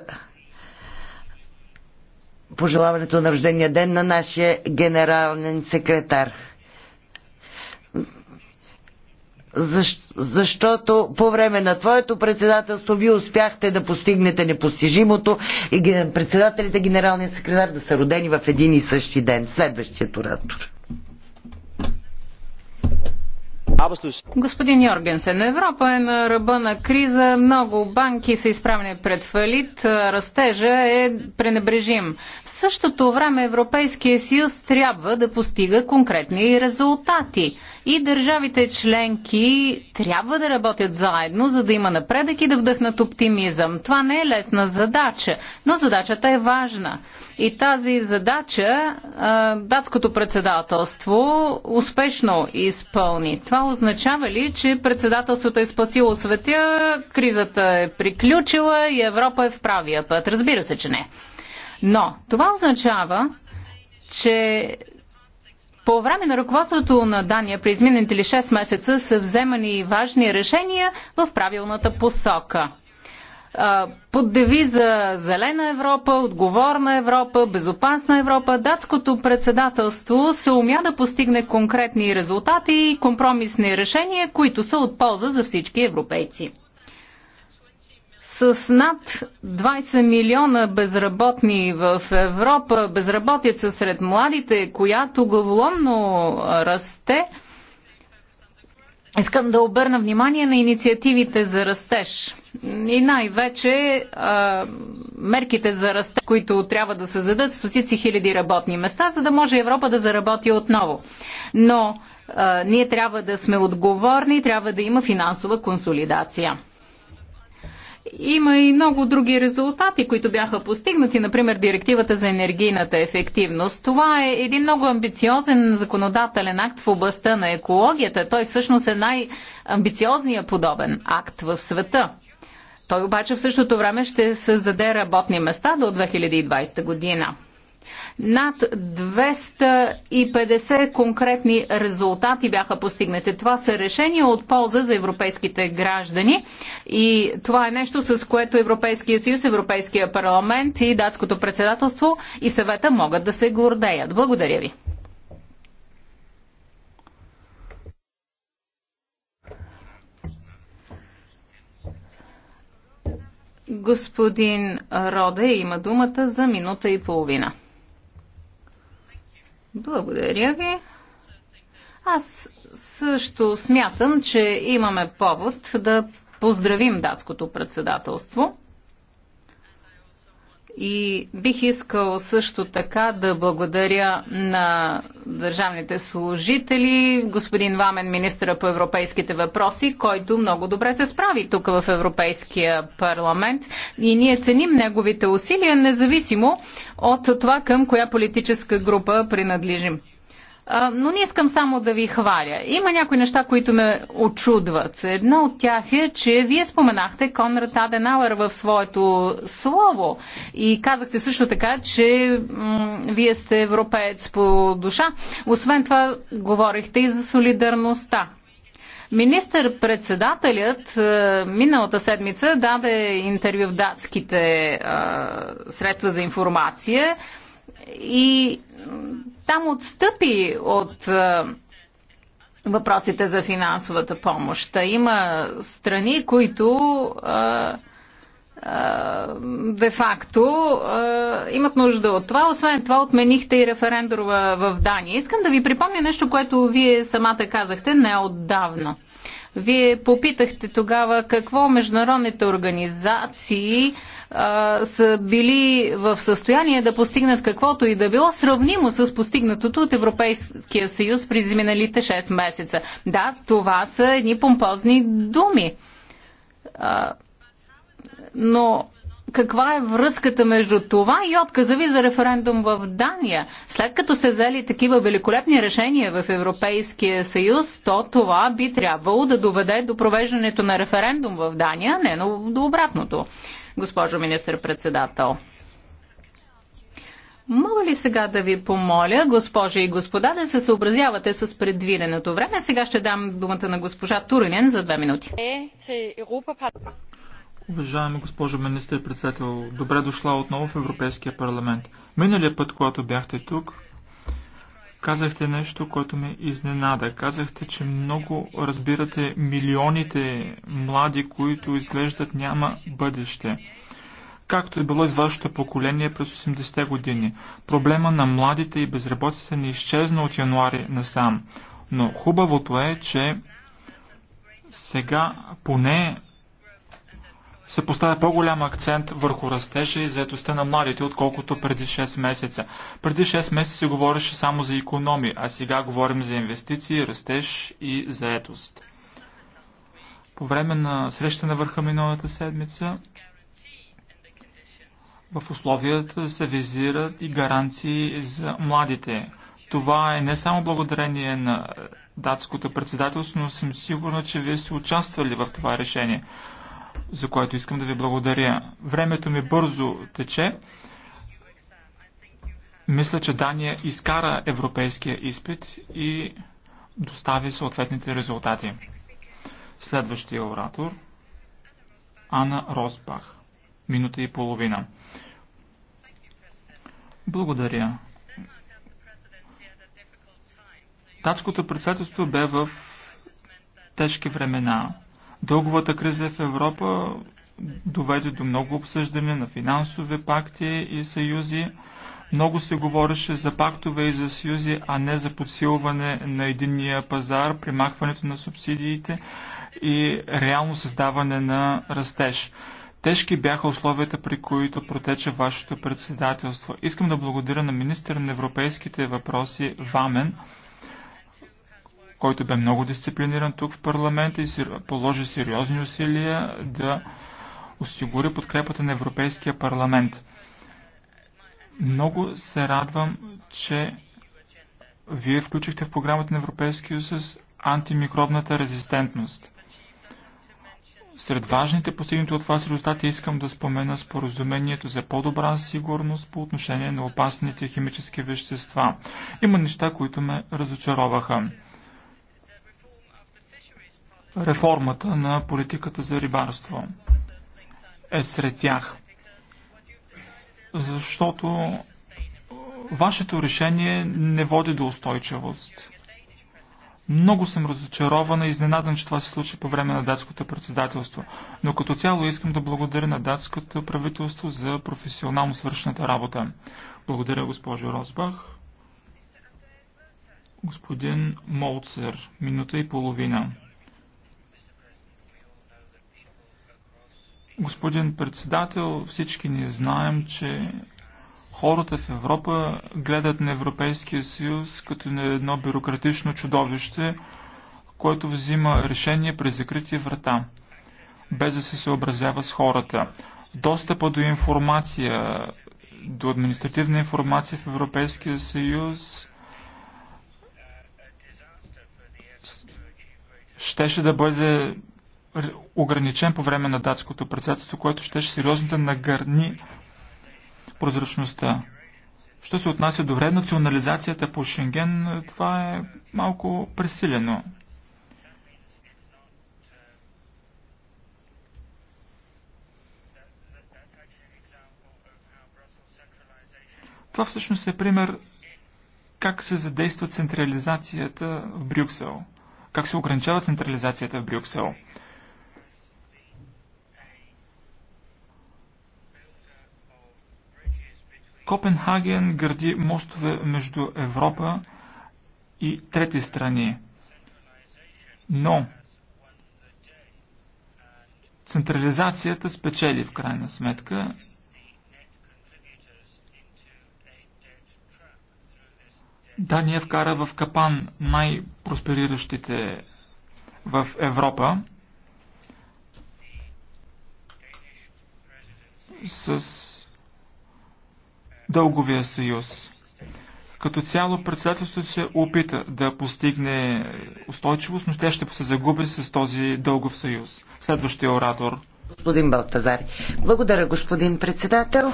пожелаването на рождения ден на нашия генерален секретар. защото по време на твоето председателство вие успяхте да постигнете непостижимото и председателите, генералния секретар да са родени в един и същи ден. Следващият оратор. Господин Йоргенсен, Европа е на ръба на криза, много банки са изправени пред фалит, растежа е пренебрежим. В същото време Европейския съюз трябва да постига конкретни резултати и държавите членки трябва да работят заедно, за да има напредък и да вдъхнат оптимизъм. Това не е лесна задача, но задачата е важна. И тази задача датското председателство успешно изпълни. Това означава ли, че председателството е спасило света, кризата е приключила и Европа е в правия път? Разбира се, че не. Но това означава, че по време на ръководството на Дания през изминалите ли 6 месеца са вземани важни решения в правилната посока под девиза Зелена Европа, Отговорна Европа, Безопасна Европа, датското председателство се умя да постигне конкретни резултати и компромисни решения, които са от полза за всички европейци. С над 20 милиона безработни в Европа, безработица сред младите, която главоломно расте, искам да обърна внимание на инициативите за растеж – и най-вече мерките за ръста, които трябва да създадат стотици хиляди работни места, за да може Европа да заработи отново. Но а, ние трябва да сме отговорни, трябва да има финансова консолидация. Има и много други резултати, които бяха постигнати, например директивата за енергийната ефективност. Това е един много амбициозен законодателен акт в областта на екологията. Той всъщност е най-амбициозният подобен акт в света. Той обаче в същото време ще създаде работни места до 2020 година. Над 250 конкретни резултати бяха постигнати. Това са решения от полза за европейските граждани и това е нещо, с което Европейския съюз, Европейския парламент и датското председателство и съвета могат да се гордеят. Благодаря ви. Господин Роде има думата за минута и половина. Благодаря ви. Аз също смятам, че имаме повод да поздравим датското председателство. И бих искал също така да благодаря на държавните служители, господин Вамен, министра по европейските въпроси, който много добре се справи тук в Европейския парламент. И ние ценим неговите усилия, независимо от това към коя политическа група принадлежим но не искам само да ви хваля. Има някои неща, които ме очудват. Една от тях е, че вие споменахте Конрад Аденауер в своето слово и казахте също така, че вие сте европеец по душа. Освен това, говорихте и за солидарността. Министър-председателят е, миналата седмица даде интервю в датските е, средства за информация и там отстъпи от е, въпросите за финансовата помощ. има страни, които е, е, де-факто имат нужда от това. Освен това, отменихте и референдума в Дания. Искам да ви припомня нещо, което вие самата казахте неотдавна. отдавна. Вие попитахте тогава какво международните организации а, са били в състояние да постигнат каквото и да било сравнимо с постигнатото от Европейския съюз през изминалите 6 месеца. Да, това са едни помпозни думи. А, но каква е връзката между това и отказа ви за референдум в Дания? След като сте взели такива великолепни решения в Европейския съюз, то това би трябвало да доведе до провеждането на референдум в Дания, не но до обратното, госпожо министр-председател. Мога ли сега да ви помоля, госпожи и господа, да се съобразявате с предвиденото време? Сега ще дам думата на госпожа Туренен за две минути. Е, Уважаема госпожо министър-председател, добре дошла отново в Европейския парламент. Миналият път, когато бяхте тук, казахте нещо, което ме изненада. Казахте, че много разбирате милионите млади, които изглеждат няма бъдеще. Както е било из вашето поколение през 80-те години. Проблема на младите и безработицата не изчезна от януари насам. Но хубавото е, че сега поне се поставя по-голям акцент върху растежа и заетостта на младите, отколкото преди 6 месеца. Преди 6 месеца се говореше само за економи, а сега говорим за инвестиции, растеж и заетост. По време на среща на върха миналата седмица в условията се визират и гаранции за младите. Това е не само благодарение на датското председателство, но съм сигурна, че вие сте участвали в това решение за което искам да ви благодаря. Времето ми бързо тече. Мисля, че Дания изкара европейския изпит и достави съответните резултати. Следващия оратор Ана Росбах. Минута и половина. Благодаря. Датското председателство бе в тежки времена. Дълговата криза в Европа доведе до много обсъждане на финансови пакти и съюзи. Много се говореше за пактове и за съюзи, а не за подсилване на единния пазар, примахването на субсидиите и реално създаване на растеж. Тежки бяха условията, при които протече вашето председателство. Искам да благодаря на министър на европейските въпроси Вамен който бе много дисциплиниран тук в парламента и положи сериозни усилия да осигури подкрепата на Европейския парламент. Много се радвам, че вие включихте в програмата на Европейския съюз антимикробната резистентност. Сред важните постигнати от вас резултати искам да спомена споразумението за по-добра сигурност по отношение на опасните химически вещества. Има неща, които ме разочароваха реформата на политиката за рибарство е сред тях. Защото е, вашето решение не води до устойчивост. Много съм разочарована и изненадан, че това се случи по време на датското председателство. Но като цяло искам да благодаря на датското правителство за професионално свършената работа. Благодаря, госпожо Розбах. Господин Молцер, минута и половина. Господин председател, всички ние знаем, че хората в Европа гледат на Европейския съюз като на едно бюрократично чудовище, което взима решение при закрити врата, без да се съобразява с хората. Достъпа до информация, до административна информация в Европейския съюз щеше да бъде ограничен по време на датското председателство, което ще, сериозно да нагърни прозрачността. Що се отнася до национализацията по Шенген, това е малко пресилено. Това всъщност е пример как се задейства централизацията в Брюксел, как се ограничава централизацията в Брюксел – Копенхаген гради мостове между Европа и трети страни. Но централизацията спечели в крайна сметка. Дания вкара в капан най-проспериращите в Европа с дълговия съюз. Като цяло председателството се опита да постигне устойчивост, но ще се загуби с този дългов съюз. Следващия оратор. Господин Балтазар. Благодаря, господин председател.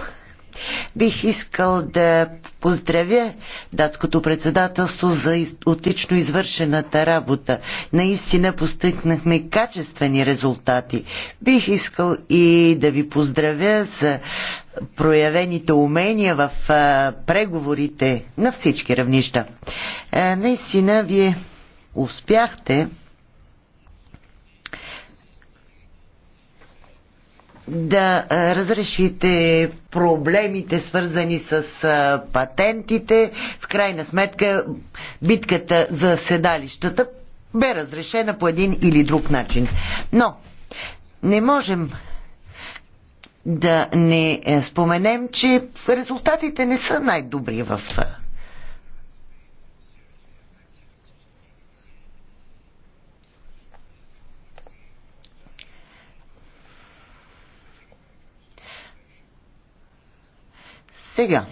Бих искал да поздравя датското председателство за отлично извършената работа. Наистина постигнахме качествени резултати. Бих искал и да ви поздравя за проявените умения в преговорите на всички равнища. Е, наистина, вие успяхте да разрешите проблемите, свързани с патентите. В крайна сметка, битката за седалищата бе разрешена по един или друг начин. Но не можем да не е, споменем, че резултатите не са най-добри в е, Сега.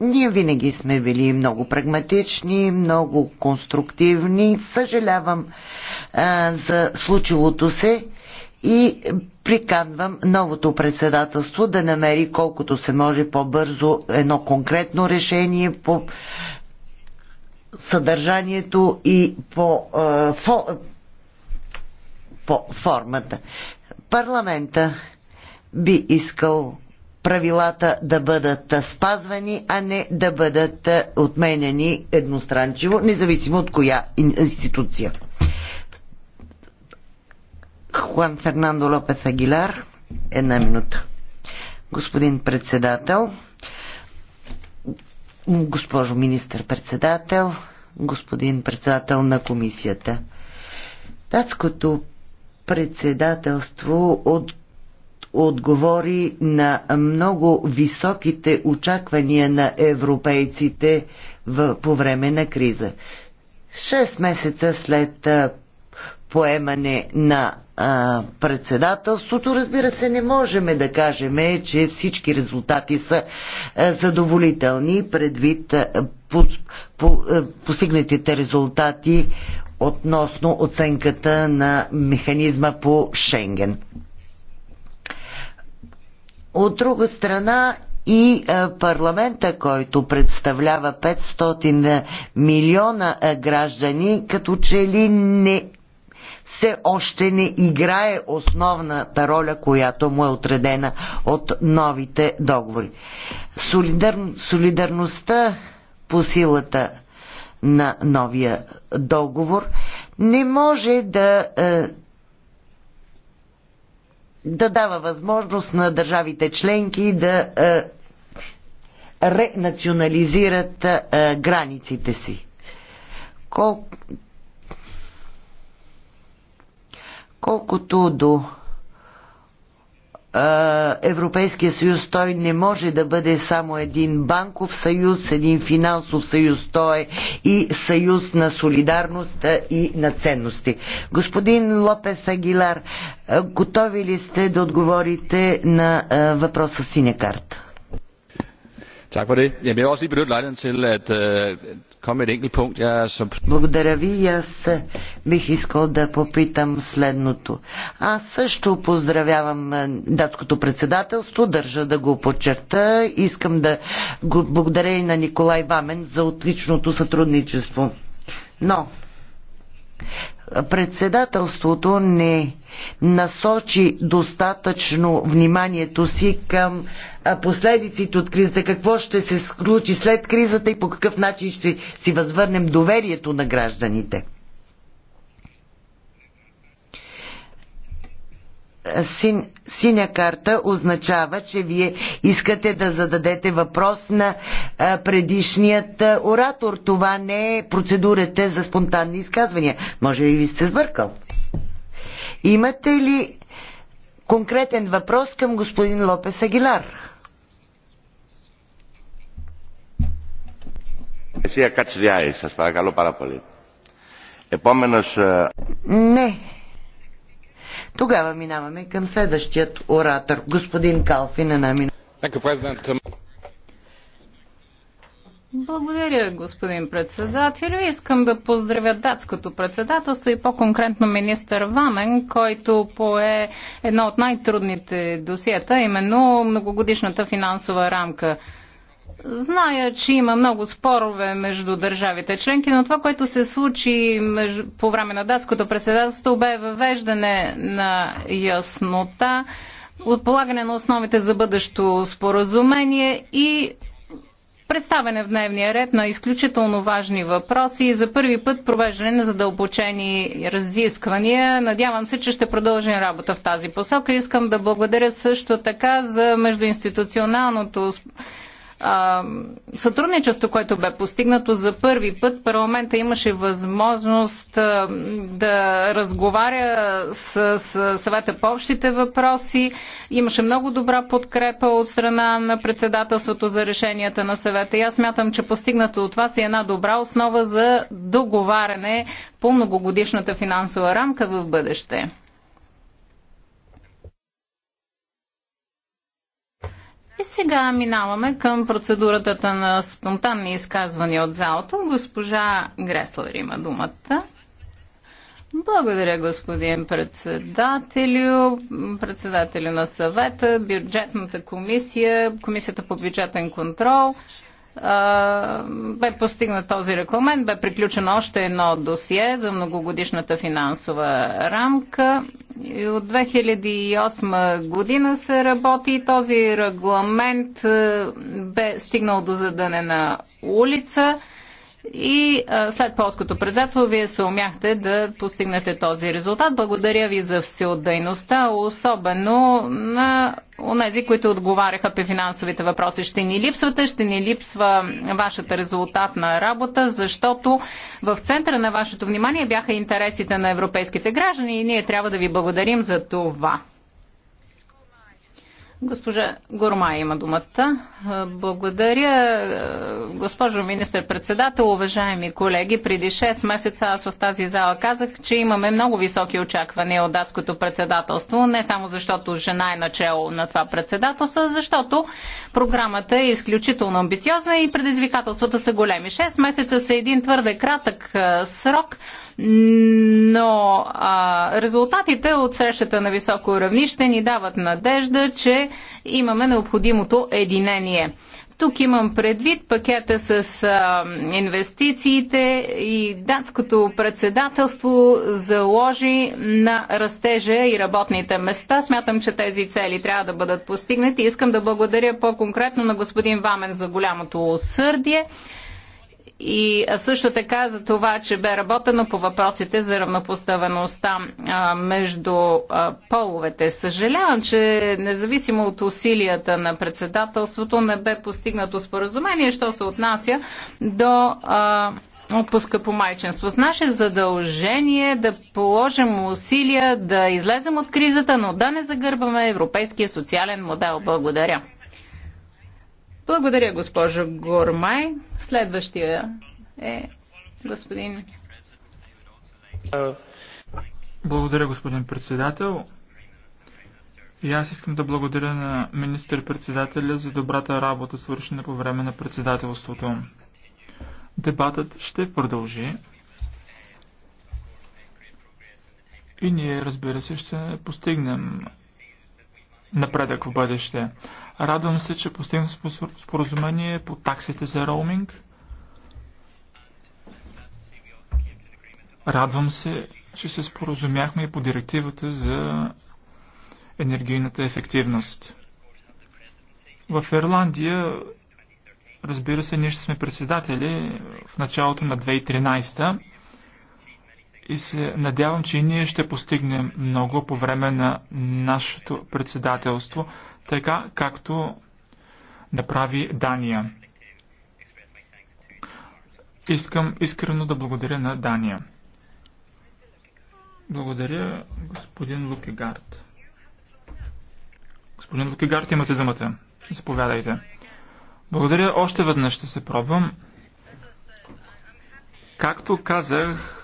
Ние винаги сме били много прагматични, много конструктивни. Съжалявам а, за случилото се и приканвам новото председателство да намери колкото се може по-бързо едно конкретно решение по съдържанието и по, по, по формата. Парламента би искал правилата да бъдат спазвани, а не да бъдат отменени едностранчиво, независимо от коя институция. Хуан Фернандо Лопес Агилар. Една минута. Господин председател, госпожо министър-председател, господин председател на комисията. Датското председателство от отговори на много високите очаквания на европейците в, по време на криза. Шест месеца след поемане на а, председателството. Разбира се, не можем да кажем, че всички резултати са а, задоволителни предвид а, по, по, а, постигнатите резултати относно оценката на механизма по Шенген. От друга страна и парламента, който представлява 500 милиона граждани, като че ли не все още не играе основната роля, която му е отредена от новите договори. Солидар... Солидарността по силата на новия договор не може да е, да дава възможност на държавите членки да е, ренационализират е, границите си. Колко Колкото до Европейския съюз той не може да бъде само един банков съюз, един финансов съюз. Той е и съюз на солидарност и на ценности. Господин Лопес Агилар, готови ли сте да отговорите на въпроса синя карта? Tak for det. Jamen, jeg vil også lige benytte lejligheden til at øh, komme med et enkelt punkt. Jeg er som... Благодаря ви. Аз е, бих искал да попитам следното. Аз също поздравявам е, датското председателство, държа да го подчерта. Искам да го благодаря и на Николай Вамен за отличното сътрудничество. Но председателството не насочи достатъчно вниманието си към последиците от кризата, какво ще се случи след кризата и по какъв начин ще си възвърнем доверието на гражданите. син, синя карта означава, че вие искате да зададете въпрос на предишният оратор. Това не е процедурата за спонтанни изказвания. Може би ви сте сбъркал. Имате ли конкретен въпрос към господин Лопес Агилар? Не. Тогава минаваме към следващият оратор, господин Калфин на Намин. Благодаря, господин председател. Искам да поздравя датското председателство и по-конкретно министър Вамен, който пое едно от най-трудните досиета, именно многогодишната финансова рамка. Зная, че има много спорове между държавите членки, но това, което се случи между, по време на датското председателство, бе въвеждане на яснота, полагане на основите за бъдещо споразумение и представяне в дневния ред на изключително важни въпроси и за първи път провеждане на задълбочени разисквания. Надявам се, че ще продължим работа в тази посока. Искам да благодаря също така за междуинституционалното сътрудничество, което бе постигнато за първи път, парламента имаше възможност да разговаря с, с съвета по общите въпроси. Имаше много добра подкрепа от страна на председателството за решенията на съвета. И аз мятам, че постигнато от вас е една добра основа за договаряне по многогодишната финансова рамка в бъдеще. И сега минаваме към процедурата на спонтанни изказвания от залото. Госпожа Греслер има думата. Благодаря, господин председателю, председателю на съвета, бюджетната комисия, комисията по бюджетен контрол бе постигнат този регламент, бе приключено още едно досие за многогодишната финансова рамка. И от 2008 година се работи и този регламент е, бе стигнал до на улица. И а, след полското председателство вие се умяхте да постигнете този резултат. Благодаря ви за всеотдайността, особено на онези, които отговаряха по финансовите въпроси. Ще ни липсвате, ще ни липсва вашата резултатна работа, защото в центъра на вашето внимание бяха интересите на европейските граждани и ние трябва да ви благодарим за това. Госпожа Горма има думата. Благодаря, госпожо министър-председател, уважаеми колеги. Преди 6 месеца аз в тази зала казах, че имаме много високи очаквания от датското председателство, не само защото жена е начало на това председателство, защото програмата е изключително амбициозна и предизвикателствата са големи. 6 месеца са един твърде кратък срок, но а, резултатите от срещата на високо равнище ни дават надежда, че имаме необходимото единение. Тук имам предвид пакета с а, инвестициите и датското председателство заложи на растежа и работните места. Смятам, че тези цели трябва да бъдат постигнати. Искам да благодаря по-конкретно на господин Вамен за голямото усърдие и също така за това, че бе работено по въпросите за равнопоставеността между половете. Съжалявам, че независимо от усилията на председателството не бе постигнато споразумение, що се отнася до отпуска по майченство. С наше задължение е да положим усилия да излезем от кризата, но да не загърбаме европейския социален модел. Благодаря. Благодаря, госпожо Гормай. Следващия е господин. Благодаря, господин председател. И аз искам да благодаря на министър-председателя за добрата работа, свършена по време на председателството. Дебатът ще продължи. И ние, разбира се, ще постигнем напредък в бъдеще. Радвам се, че постигнах споразумение по таксите за роуминг. Радвам се, че се споразумяхме и по директивата за енергийната ефективност. В Ирландия, разбира се, ние ще сме председатели в началото на 2013 и се надявам, че и ние ще постигнем много по време на нашето председателство – така както направи Дания. Искам искрено да благодаря на Дания. Благодаря, господин Лукегард. Господин Лукегард, имате думата. Заповядайте. Благодаря още веднъж, ще се пробвам. Както казах,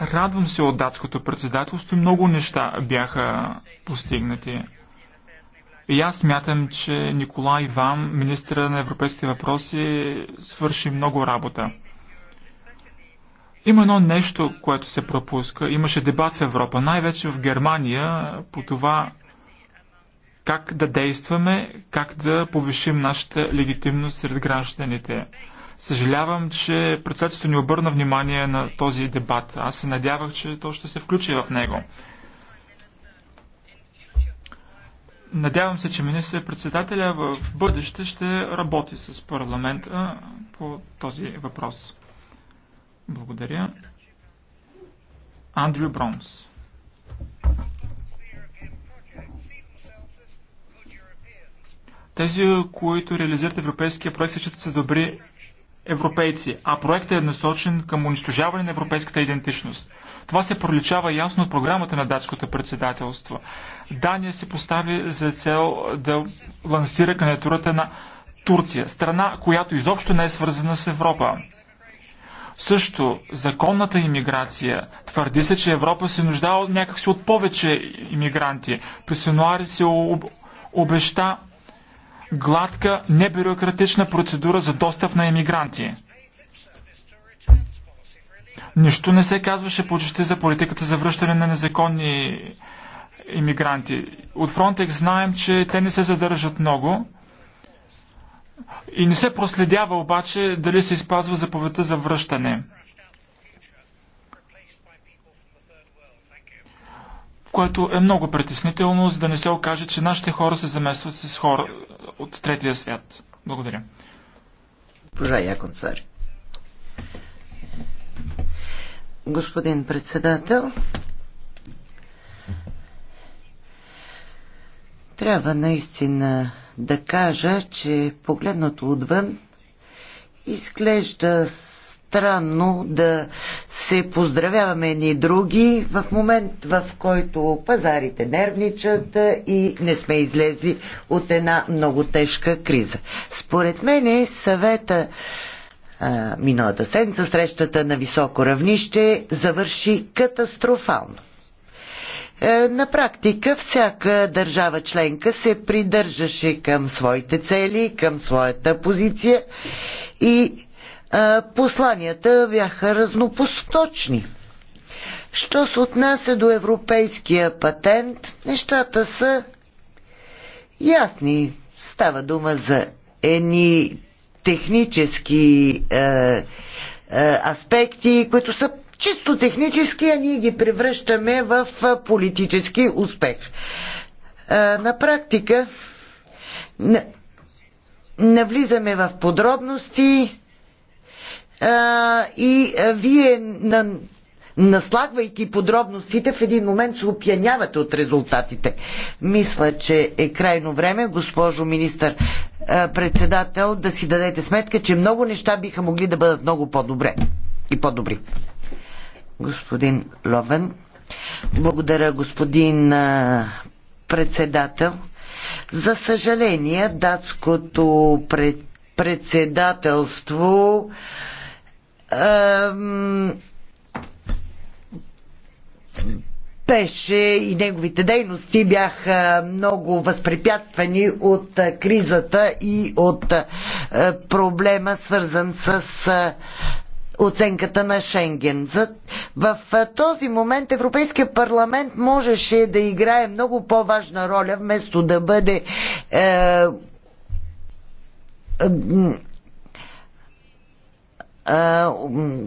радвам се от датското председателство. Много неща бяха постигнати. И аз смятам, че Николай Вам, министра на европейските въпроси, свърши много работа. Има едно нещо, което се пропуска. Имаше дебат в Европа, най-вече в Германия, по това как да действаме, как да повишим нашата легитимност сред гражданите. Съжалявам, че председателството ни обърна внимание на този дебат. Аз се надявах, че то ще се включи в него. Надявам се, че министър-председателя в бъдеще ще работи с парламента по този въпрос. Благодаря. Андрю Бронс. Тези, които реализират европейския проект, се считат са добри европейци, а проектът е насочен към унищожаване на европейската идентичност – това се проличава ясно от програмата на датското председателство. Дания се постави за цел да лансира кандидатурата на Турция, страна, която изобщо не е свързана с Европа. Също законната иммиграция. Твърди се, че Европа се нуждае някакси от повече иммигранти. През януари се об... обеща гладка, небюрократична процедура за достъп на иммигранти. Нищо не се казваше почти за политиката за връщане на незаконни иммигранти. От Фронтекс знаем, че те не се задържат много и не се проследява обаче дали се изпазва заповедта за връщане. което е много притеснително, за да не се окаже, че нашите хора се замесват с хора от третия свят. Благодаря. Пожа Яконцари. господин председател. Трябва наистина да кажа, че погледнато отвън изглежда странно да се поздравяваме ни други в момент, в който пазарите нервничат и не сме излезли от една много тежка криза. Според мен съвета миналата седмица срещата на високо равнище завърши катастрофално. Е, на практика всяка държава членка се придържаше към своите цели, към своята позиция и посланията бяха разнопосточни. Що се отнася до европейския патент, нещата са ясни. Става дума за едни технически е, е, аспекти, които са чисто технически, а ние ги превръщаме в е, политически успех. Е, на практика навлизаме в подробности а, е, и е, вие на, наслагвайки подробностите, в един момент се опиянявате от резултатите. Мисля, че е крайно време, госпожо министър е, председател, да си дадете сметка, че много неща биха могли да бъдат много по-добре и по-добри. Господин Ловен. Благодаря, господин е, председател. За съжаление, датското председателство беше и неговите дейности бяха много възпрепятствани от кризата и от проблема, свързан с оценката на Шенген. В този момент Европейския парламент можеше да играе много по-важна роля, вместо да бъде е, е,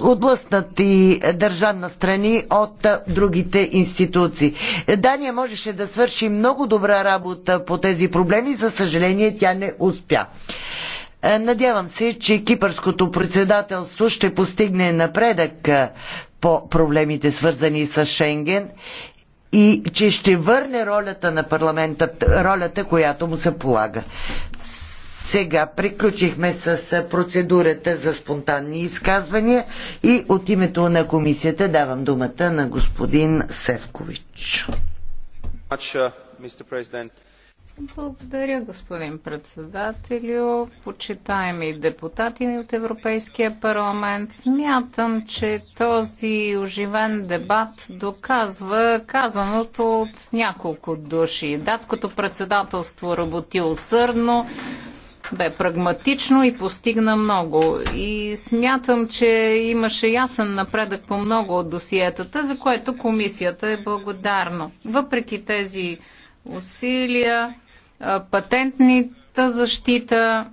отблъснати държавна страни от другите институции. Дания можеше да свърши много добра работа по тези проблеми, за съжаление тя не успя. Е, надявам се, че кипърското председателство ще постигне напредък е, по проблемите свързани с Шенген и че ще върне ролята на парламента, ролята, която му се полага. Сега приключихме с процедурата за спонтанни изказвания и от името на комисията давам думата на господин Севкович. Благодаря, господин председателю. Почитаеми депутати от Европейския парламент, смятам, че този оживен дебат доказва казаното от няколко души. Датското председателство работи усърдно, бе прагматично и постигна много. И смятам, че имаше ясен напредък по много от досиетата, за което комисията е благодарна. Въпреки тези усилия, патентната защита,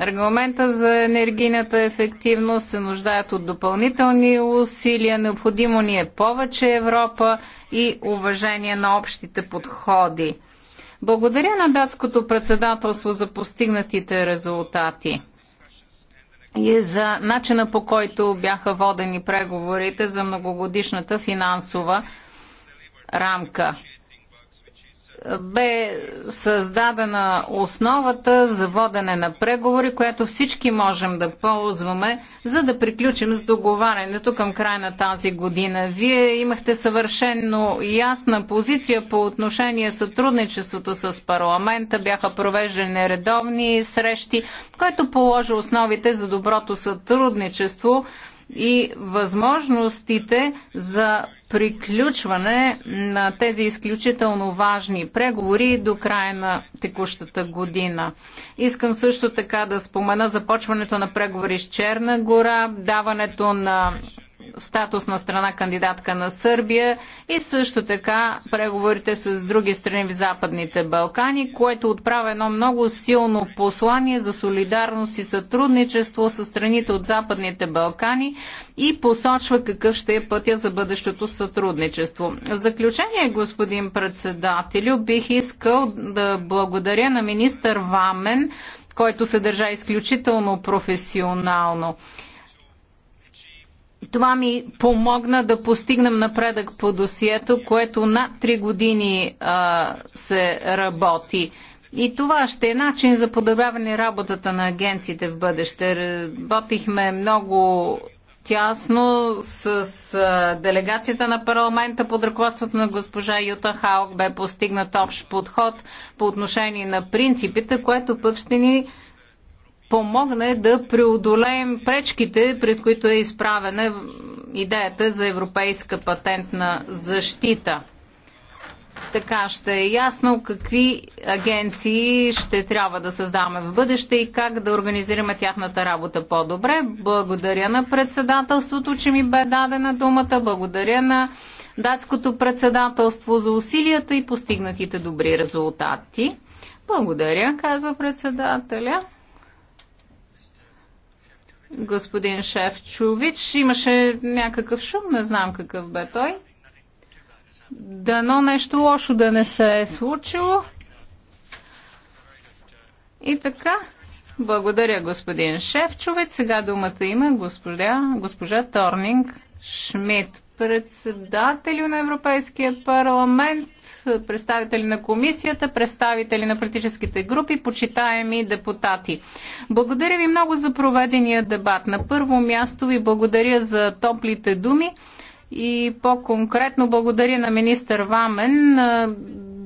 регламента за енергийната ефективност се нуждаят от допълнителни усилия. Необходимо ни е повече Европа и уважение на общите подходи. Благодаря на датското председателство за постигнатите резултати и за начина по който бяха водени преговорите за многогодишната финансова рамка бе създадена основата за водене на преговори, която всички можем да ползваме, за да приключим с договарянето към края на тази година. Вие имахте съвършенно ясна позиция по отношение сътрудничеството с парламента, бяха провеждани редовни срещи, което положи основите за доброто сътрудничество и възможностите за приключване на тези изключително важни преговори до края на текущата година. Искам също така да спомена започването на преговори с Черна гора, даването на статус на страна кандидатка на Сърбия и също така преговорите с други страни в Западните Балкани, което отправя едно много силно послание за солидарност и сътрудничество с страните от Западните Балкани и посочва какъв ще е пътя за бъдещото сътрудничество. В заключение, господин председателю, бих искал да благодаря на министър Вамен, който се държа изключително професионално. Това ми помогна да постигнем напредък по досието, което над 3 години а, се работи. И това ще е начин за подобряване работата на агенциите в бъдеще. Работихме много тясно с а, делегацията на парламента под ръководството на госпожа Юта Хаук бе постигнат общ подход по отношение на принципите, което пък ще ни помогне да преодолеем пречките, пред които е изправена идеята за европейска патентна защита. Така ще е ясно какви агенции ще трябва да създаваме в бъдеще и как да организираме тяхната работа по-добре. Благодаря на председателството, че ми бе дадена думата. Благодаря на датското председателство за усилията и постигнатите добри резултати. Благодаря, казва председателя господин Чувич. Имаше някакъв шум, не знам какъв бе той. Дано нещо лошо да не се е случило. И така, благодаря господин Шефчовец. Сега думата има госпожа, госпожа Торнинг Шмидт председателю на Европейския парламент, представители на комисията, представители на политическите групи, почитаеми депутати. Благодаря ви много за проведения дебат. На първо място ви благодаря за топлите думи и по-конкретно благодаря на министър Вамен.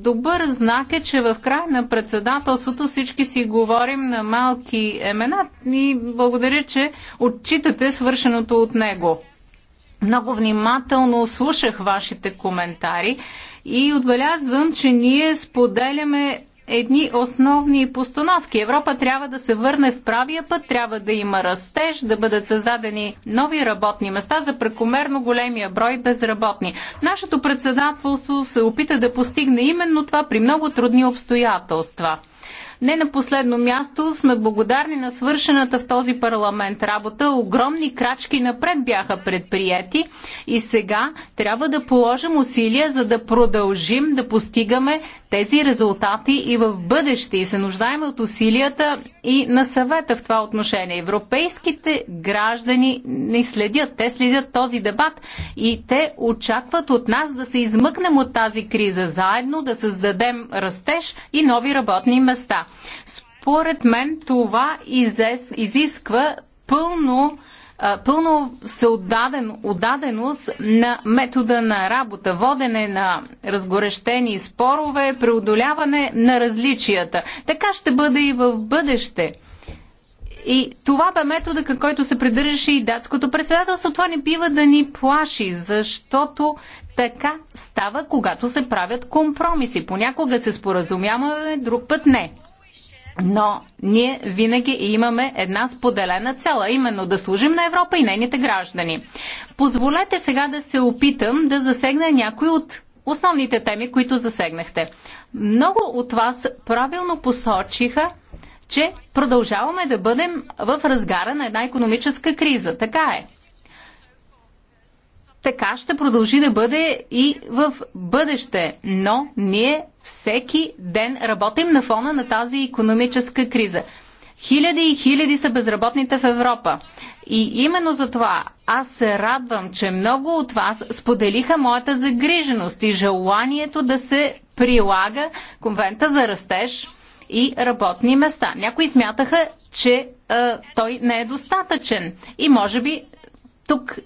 Добър знак е, че в края на председателството всички си говорим на малки емена и благодаря, че отчитате свършеното от него. Много внимателно слушах вашите коментари и отбелязвам, че ние споделяме едни основни постановки. Европа трябва да се върне в правия път, трябва да има растеж, да бъдат създадени нови работни места за прекомерно големия брой безработни. Нашето председателство се опита да постигне именно това при много трудни обстоятелства. Не на последно място сме благодарни на свършената в този парламент работа. Огромни крачки напред бяха предприяти и сега трябва да положим усилия, за да продължим да постигаме тези резултати и в бъдеще. И се нуждаем от усилията и на съвета в това отношение. Европейските граждани не следят. Те следят този дебат и те очакват от нас да се измъкнем от тази криза заедно, да създадем растеж и нови работни места. Според мен това изисква пълно пълно отдаден, отдаденост на метода на работа, водене на разгорещени спорове, преодоляване на различията. Така ще бъде и в бъдеще. И това бе метода, към който се придържаше и датското председателство. Това не бива да ни плаши, защото така става, когато се правят компромиси. Понякога се споразумяваме, друг път не. Но ние винаги имаме една споделена цела, именно да служим на Европа и нейните граждани. Позволете сега да се опитам да засегна някои от основните теми, които засегнахте. Много от вас правилно посочиха, че продължаваме да бъдем в разгара на една економическа криза. Така е. Така ще продължи да бъде и в бъдеще, но ние всеки ден работим на фона на тази економическа криза. Хиляди и хиляди са безработните в Европа. И именно за това аз се радвам, че много от вас споделиха моята загриженост и желанието да се прилага конвента за растеж и работни места. Някои смятаха, че а, той не е достатъчен. И може би тук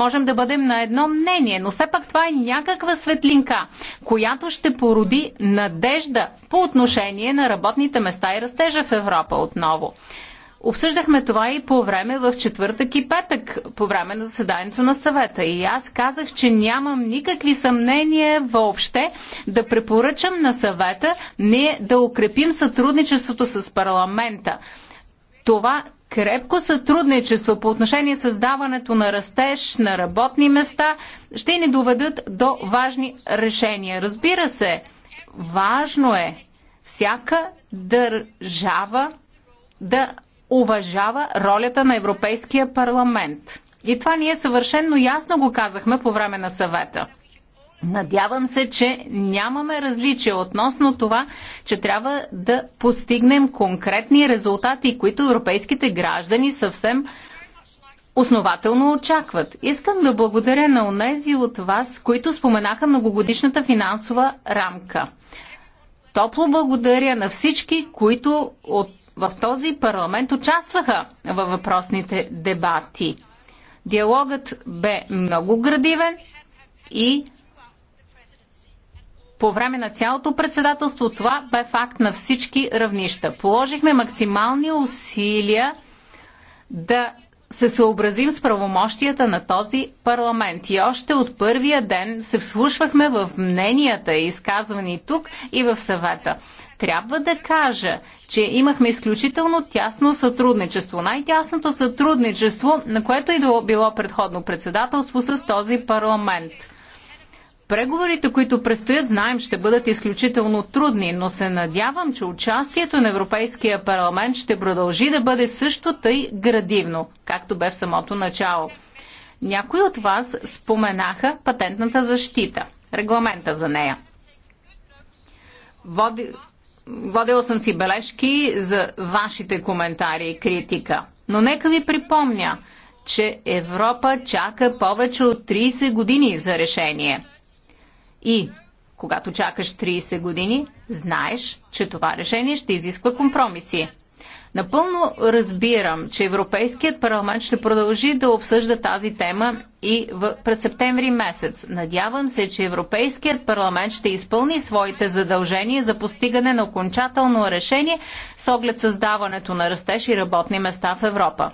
можем да бъдем на едно мнение, но все пак това е някаква светлинка, която ще породи надежда по отношение на работните места и растежа в Европа отново. Обсъждахме това и по време в четвъртък и петък, по време на заседанието на съвета. И аз казах, че нямам никакви съмнения въобще да препоръчам на съвета не да укрепим сътрудничеството с парламента. Това крепко сътрудничество по отношение създаването на растеж на работни места ще ни доведат до важни решения. Разбира се, важно е всяка държава да уважава ролята на Европейския парламент. И това ние съвършенно ясно го казахме по време на съвета – Надявам се, че нямаме различия относно това, че трябва да постигнем конкретни резултати, които европейските граждани съвсем основателно очакват. Искам да благодаря на онези от вас, които споменаха многогодишната финансова рамка. Топло благодаря на всички, които от, в този парламент участваха във въпросните дебати. Диалогът бе много градивен и по време на цялото председателство това бе факт на всички равнища. Положихме максимални усилия да се съобразим с правомощията на този парламент. И още от първия ден се вслушвахме в мненията, изказвани тук и в съвета. Трябва да кажа, че имахме изключително тясно сътрудничество. Най-тясното сътрудничество, на което и било предходно председателство с този парламент. Преговорите, които предстоят, знаем, ще бъдат изключително трудни, но се надявам, че участието на Европейския парламент ще продължи да бъде също тъй градивно, както бе в самото начало. Някои от вас споменаха патентната защита, регламента за нея. Води... Водила съм си бележки за вашите коментари и критика. Но нека ви припомня, че Европа чака повече от 30 години за решение – и когато чакаш 30 години, знаеш, че това решение ще изисква компромиси. Напълно разбирам, че Европейският парламент ще продължи да обсъжда тази тема и в, през септември месец. Надявам се, че Европейският парламент ще изпълни своите задължения за постигане на окончателно решение с оглед създаването на растеж и работни места в Европа.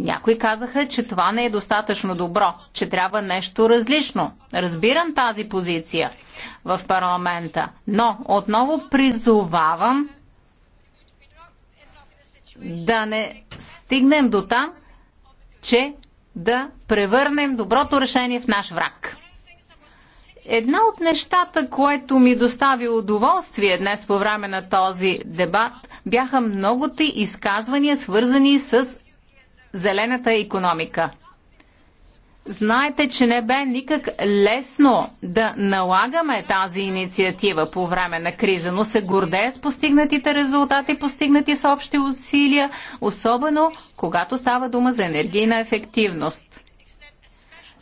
Някои казаха, че това не е достатъчно добро, че трябва нещо различно. Разбирам тази позиция в парламента, но отново призовавам да не стигнем до там, че да превърнем доброто решение в наш враг. Една от нещата, което ми достави удоволствие днес по време на този дебат, бяха многоти изказвания, свързани с зелената економика. Знаете, че не бе никак лесно да налагаме тази инициатива по време на криза, но се гордее с постигнатите резултати, постигнати с общи усилия, особено когато става дума за енергийна ефективност.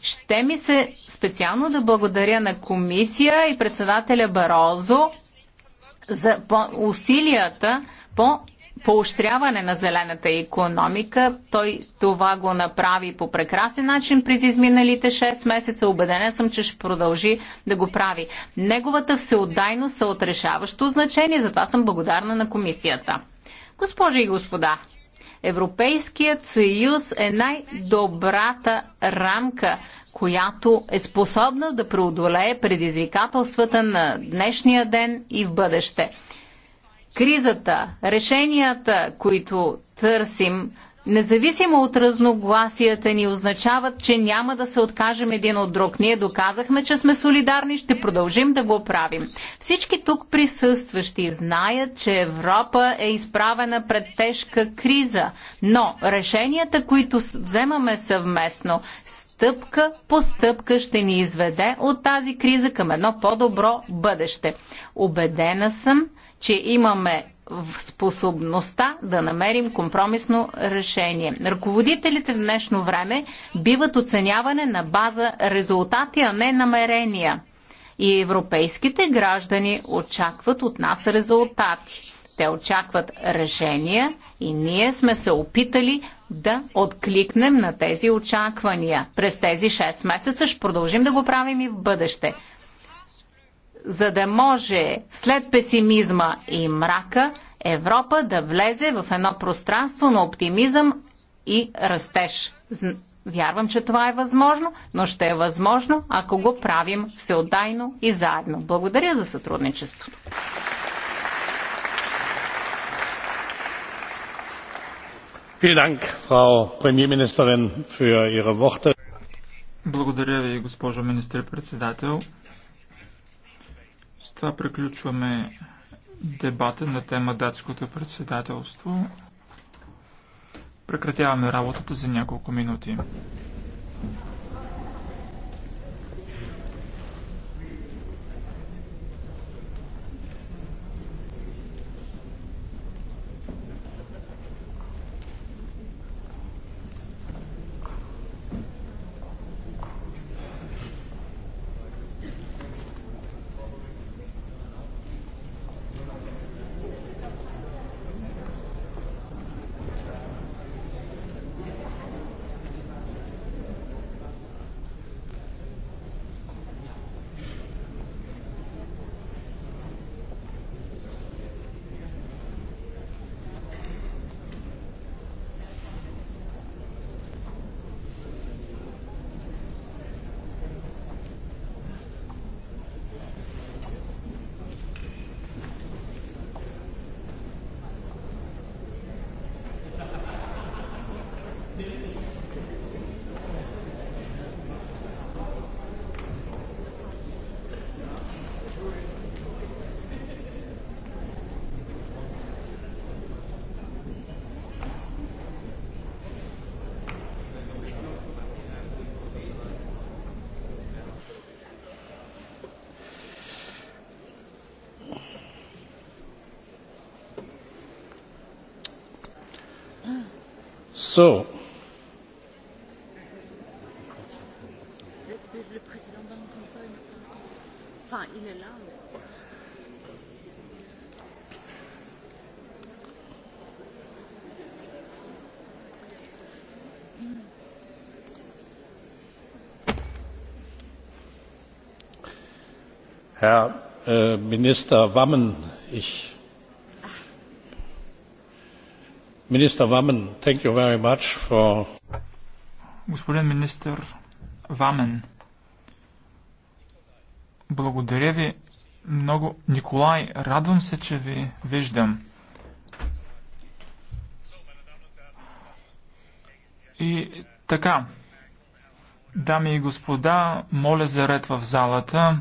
Ще ми се специално да благодаря на комисия и председателя Барозо за усилията по поощряване на зелената економика. Той това го направи по прекрасен начин през изминалите 6 месеца. Обеденен съм, че ще продължи да го прави. Неговата всеотдайност са от решаващо значение, затова съм благодарна на комисията. Госпожи и господа, Европейският съюз е най-добрата рамка, която е способна да преодолее предизвикателствата на днешния ден и в бъдеще кризата, решенията, които търсим, независимо от разногласията ни, означават, че няма да се откажем един от друг. Ние доказахме, че сме солидарни, ще продължим да го правим. Всички тук присъстващи знаят, че Европа е изправена пред тежка криза, но решенията, които вземаме съвместно, стъпка по стъпка ще ни изведе от тази криза към едно по-добро бъдеще. Обедена съм, че имаме способността да намерим компромисно решение. Ръководителите в днешно време биват оценяване на база резултати, а не намерения. И европейските граждани очакват от нас резултати. Те очакват решения и ние сме се опитали да откликнем на тези очаквания. През тези 6 месеца ще продължим да го правим и в бъдеще за да може след песимизма и мрака Европа да влезе в едно пространство на оптимизъм и растеж. Вярвам, че това е възможно, но ще е възможно, ако го правим всеотдайно и заедно. Благодаря за сътрудничеството. Благодаря ви, госпожо министър-председател това приключваме дебата на тема датското председателство. Прекратяваме работата за няколко минути. So. Herr Minister Wammen, ich Господин министър Вамен, благодаря ви много. Николай, радвам се, че ви виждам. И така, дами и господа, моля за ред в залата.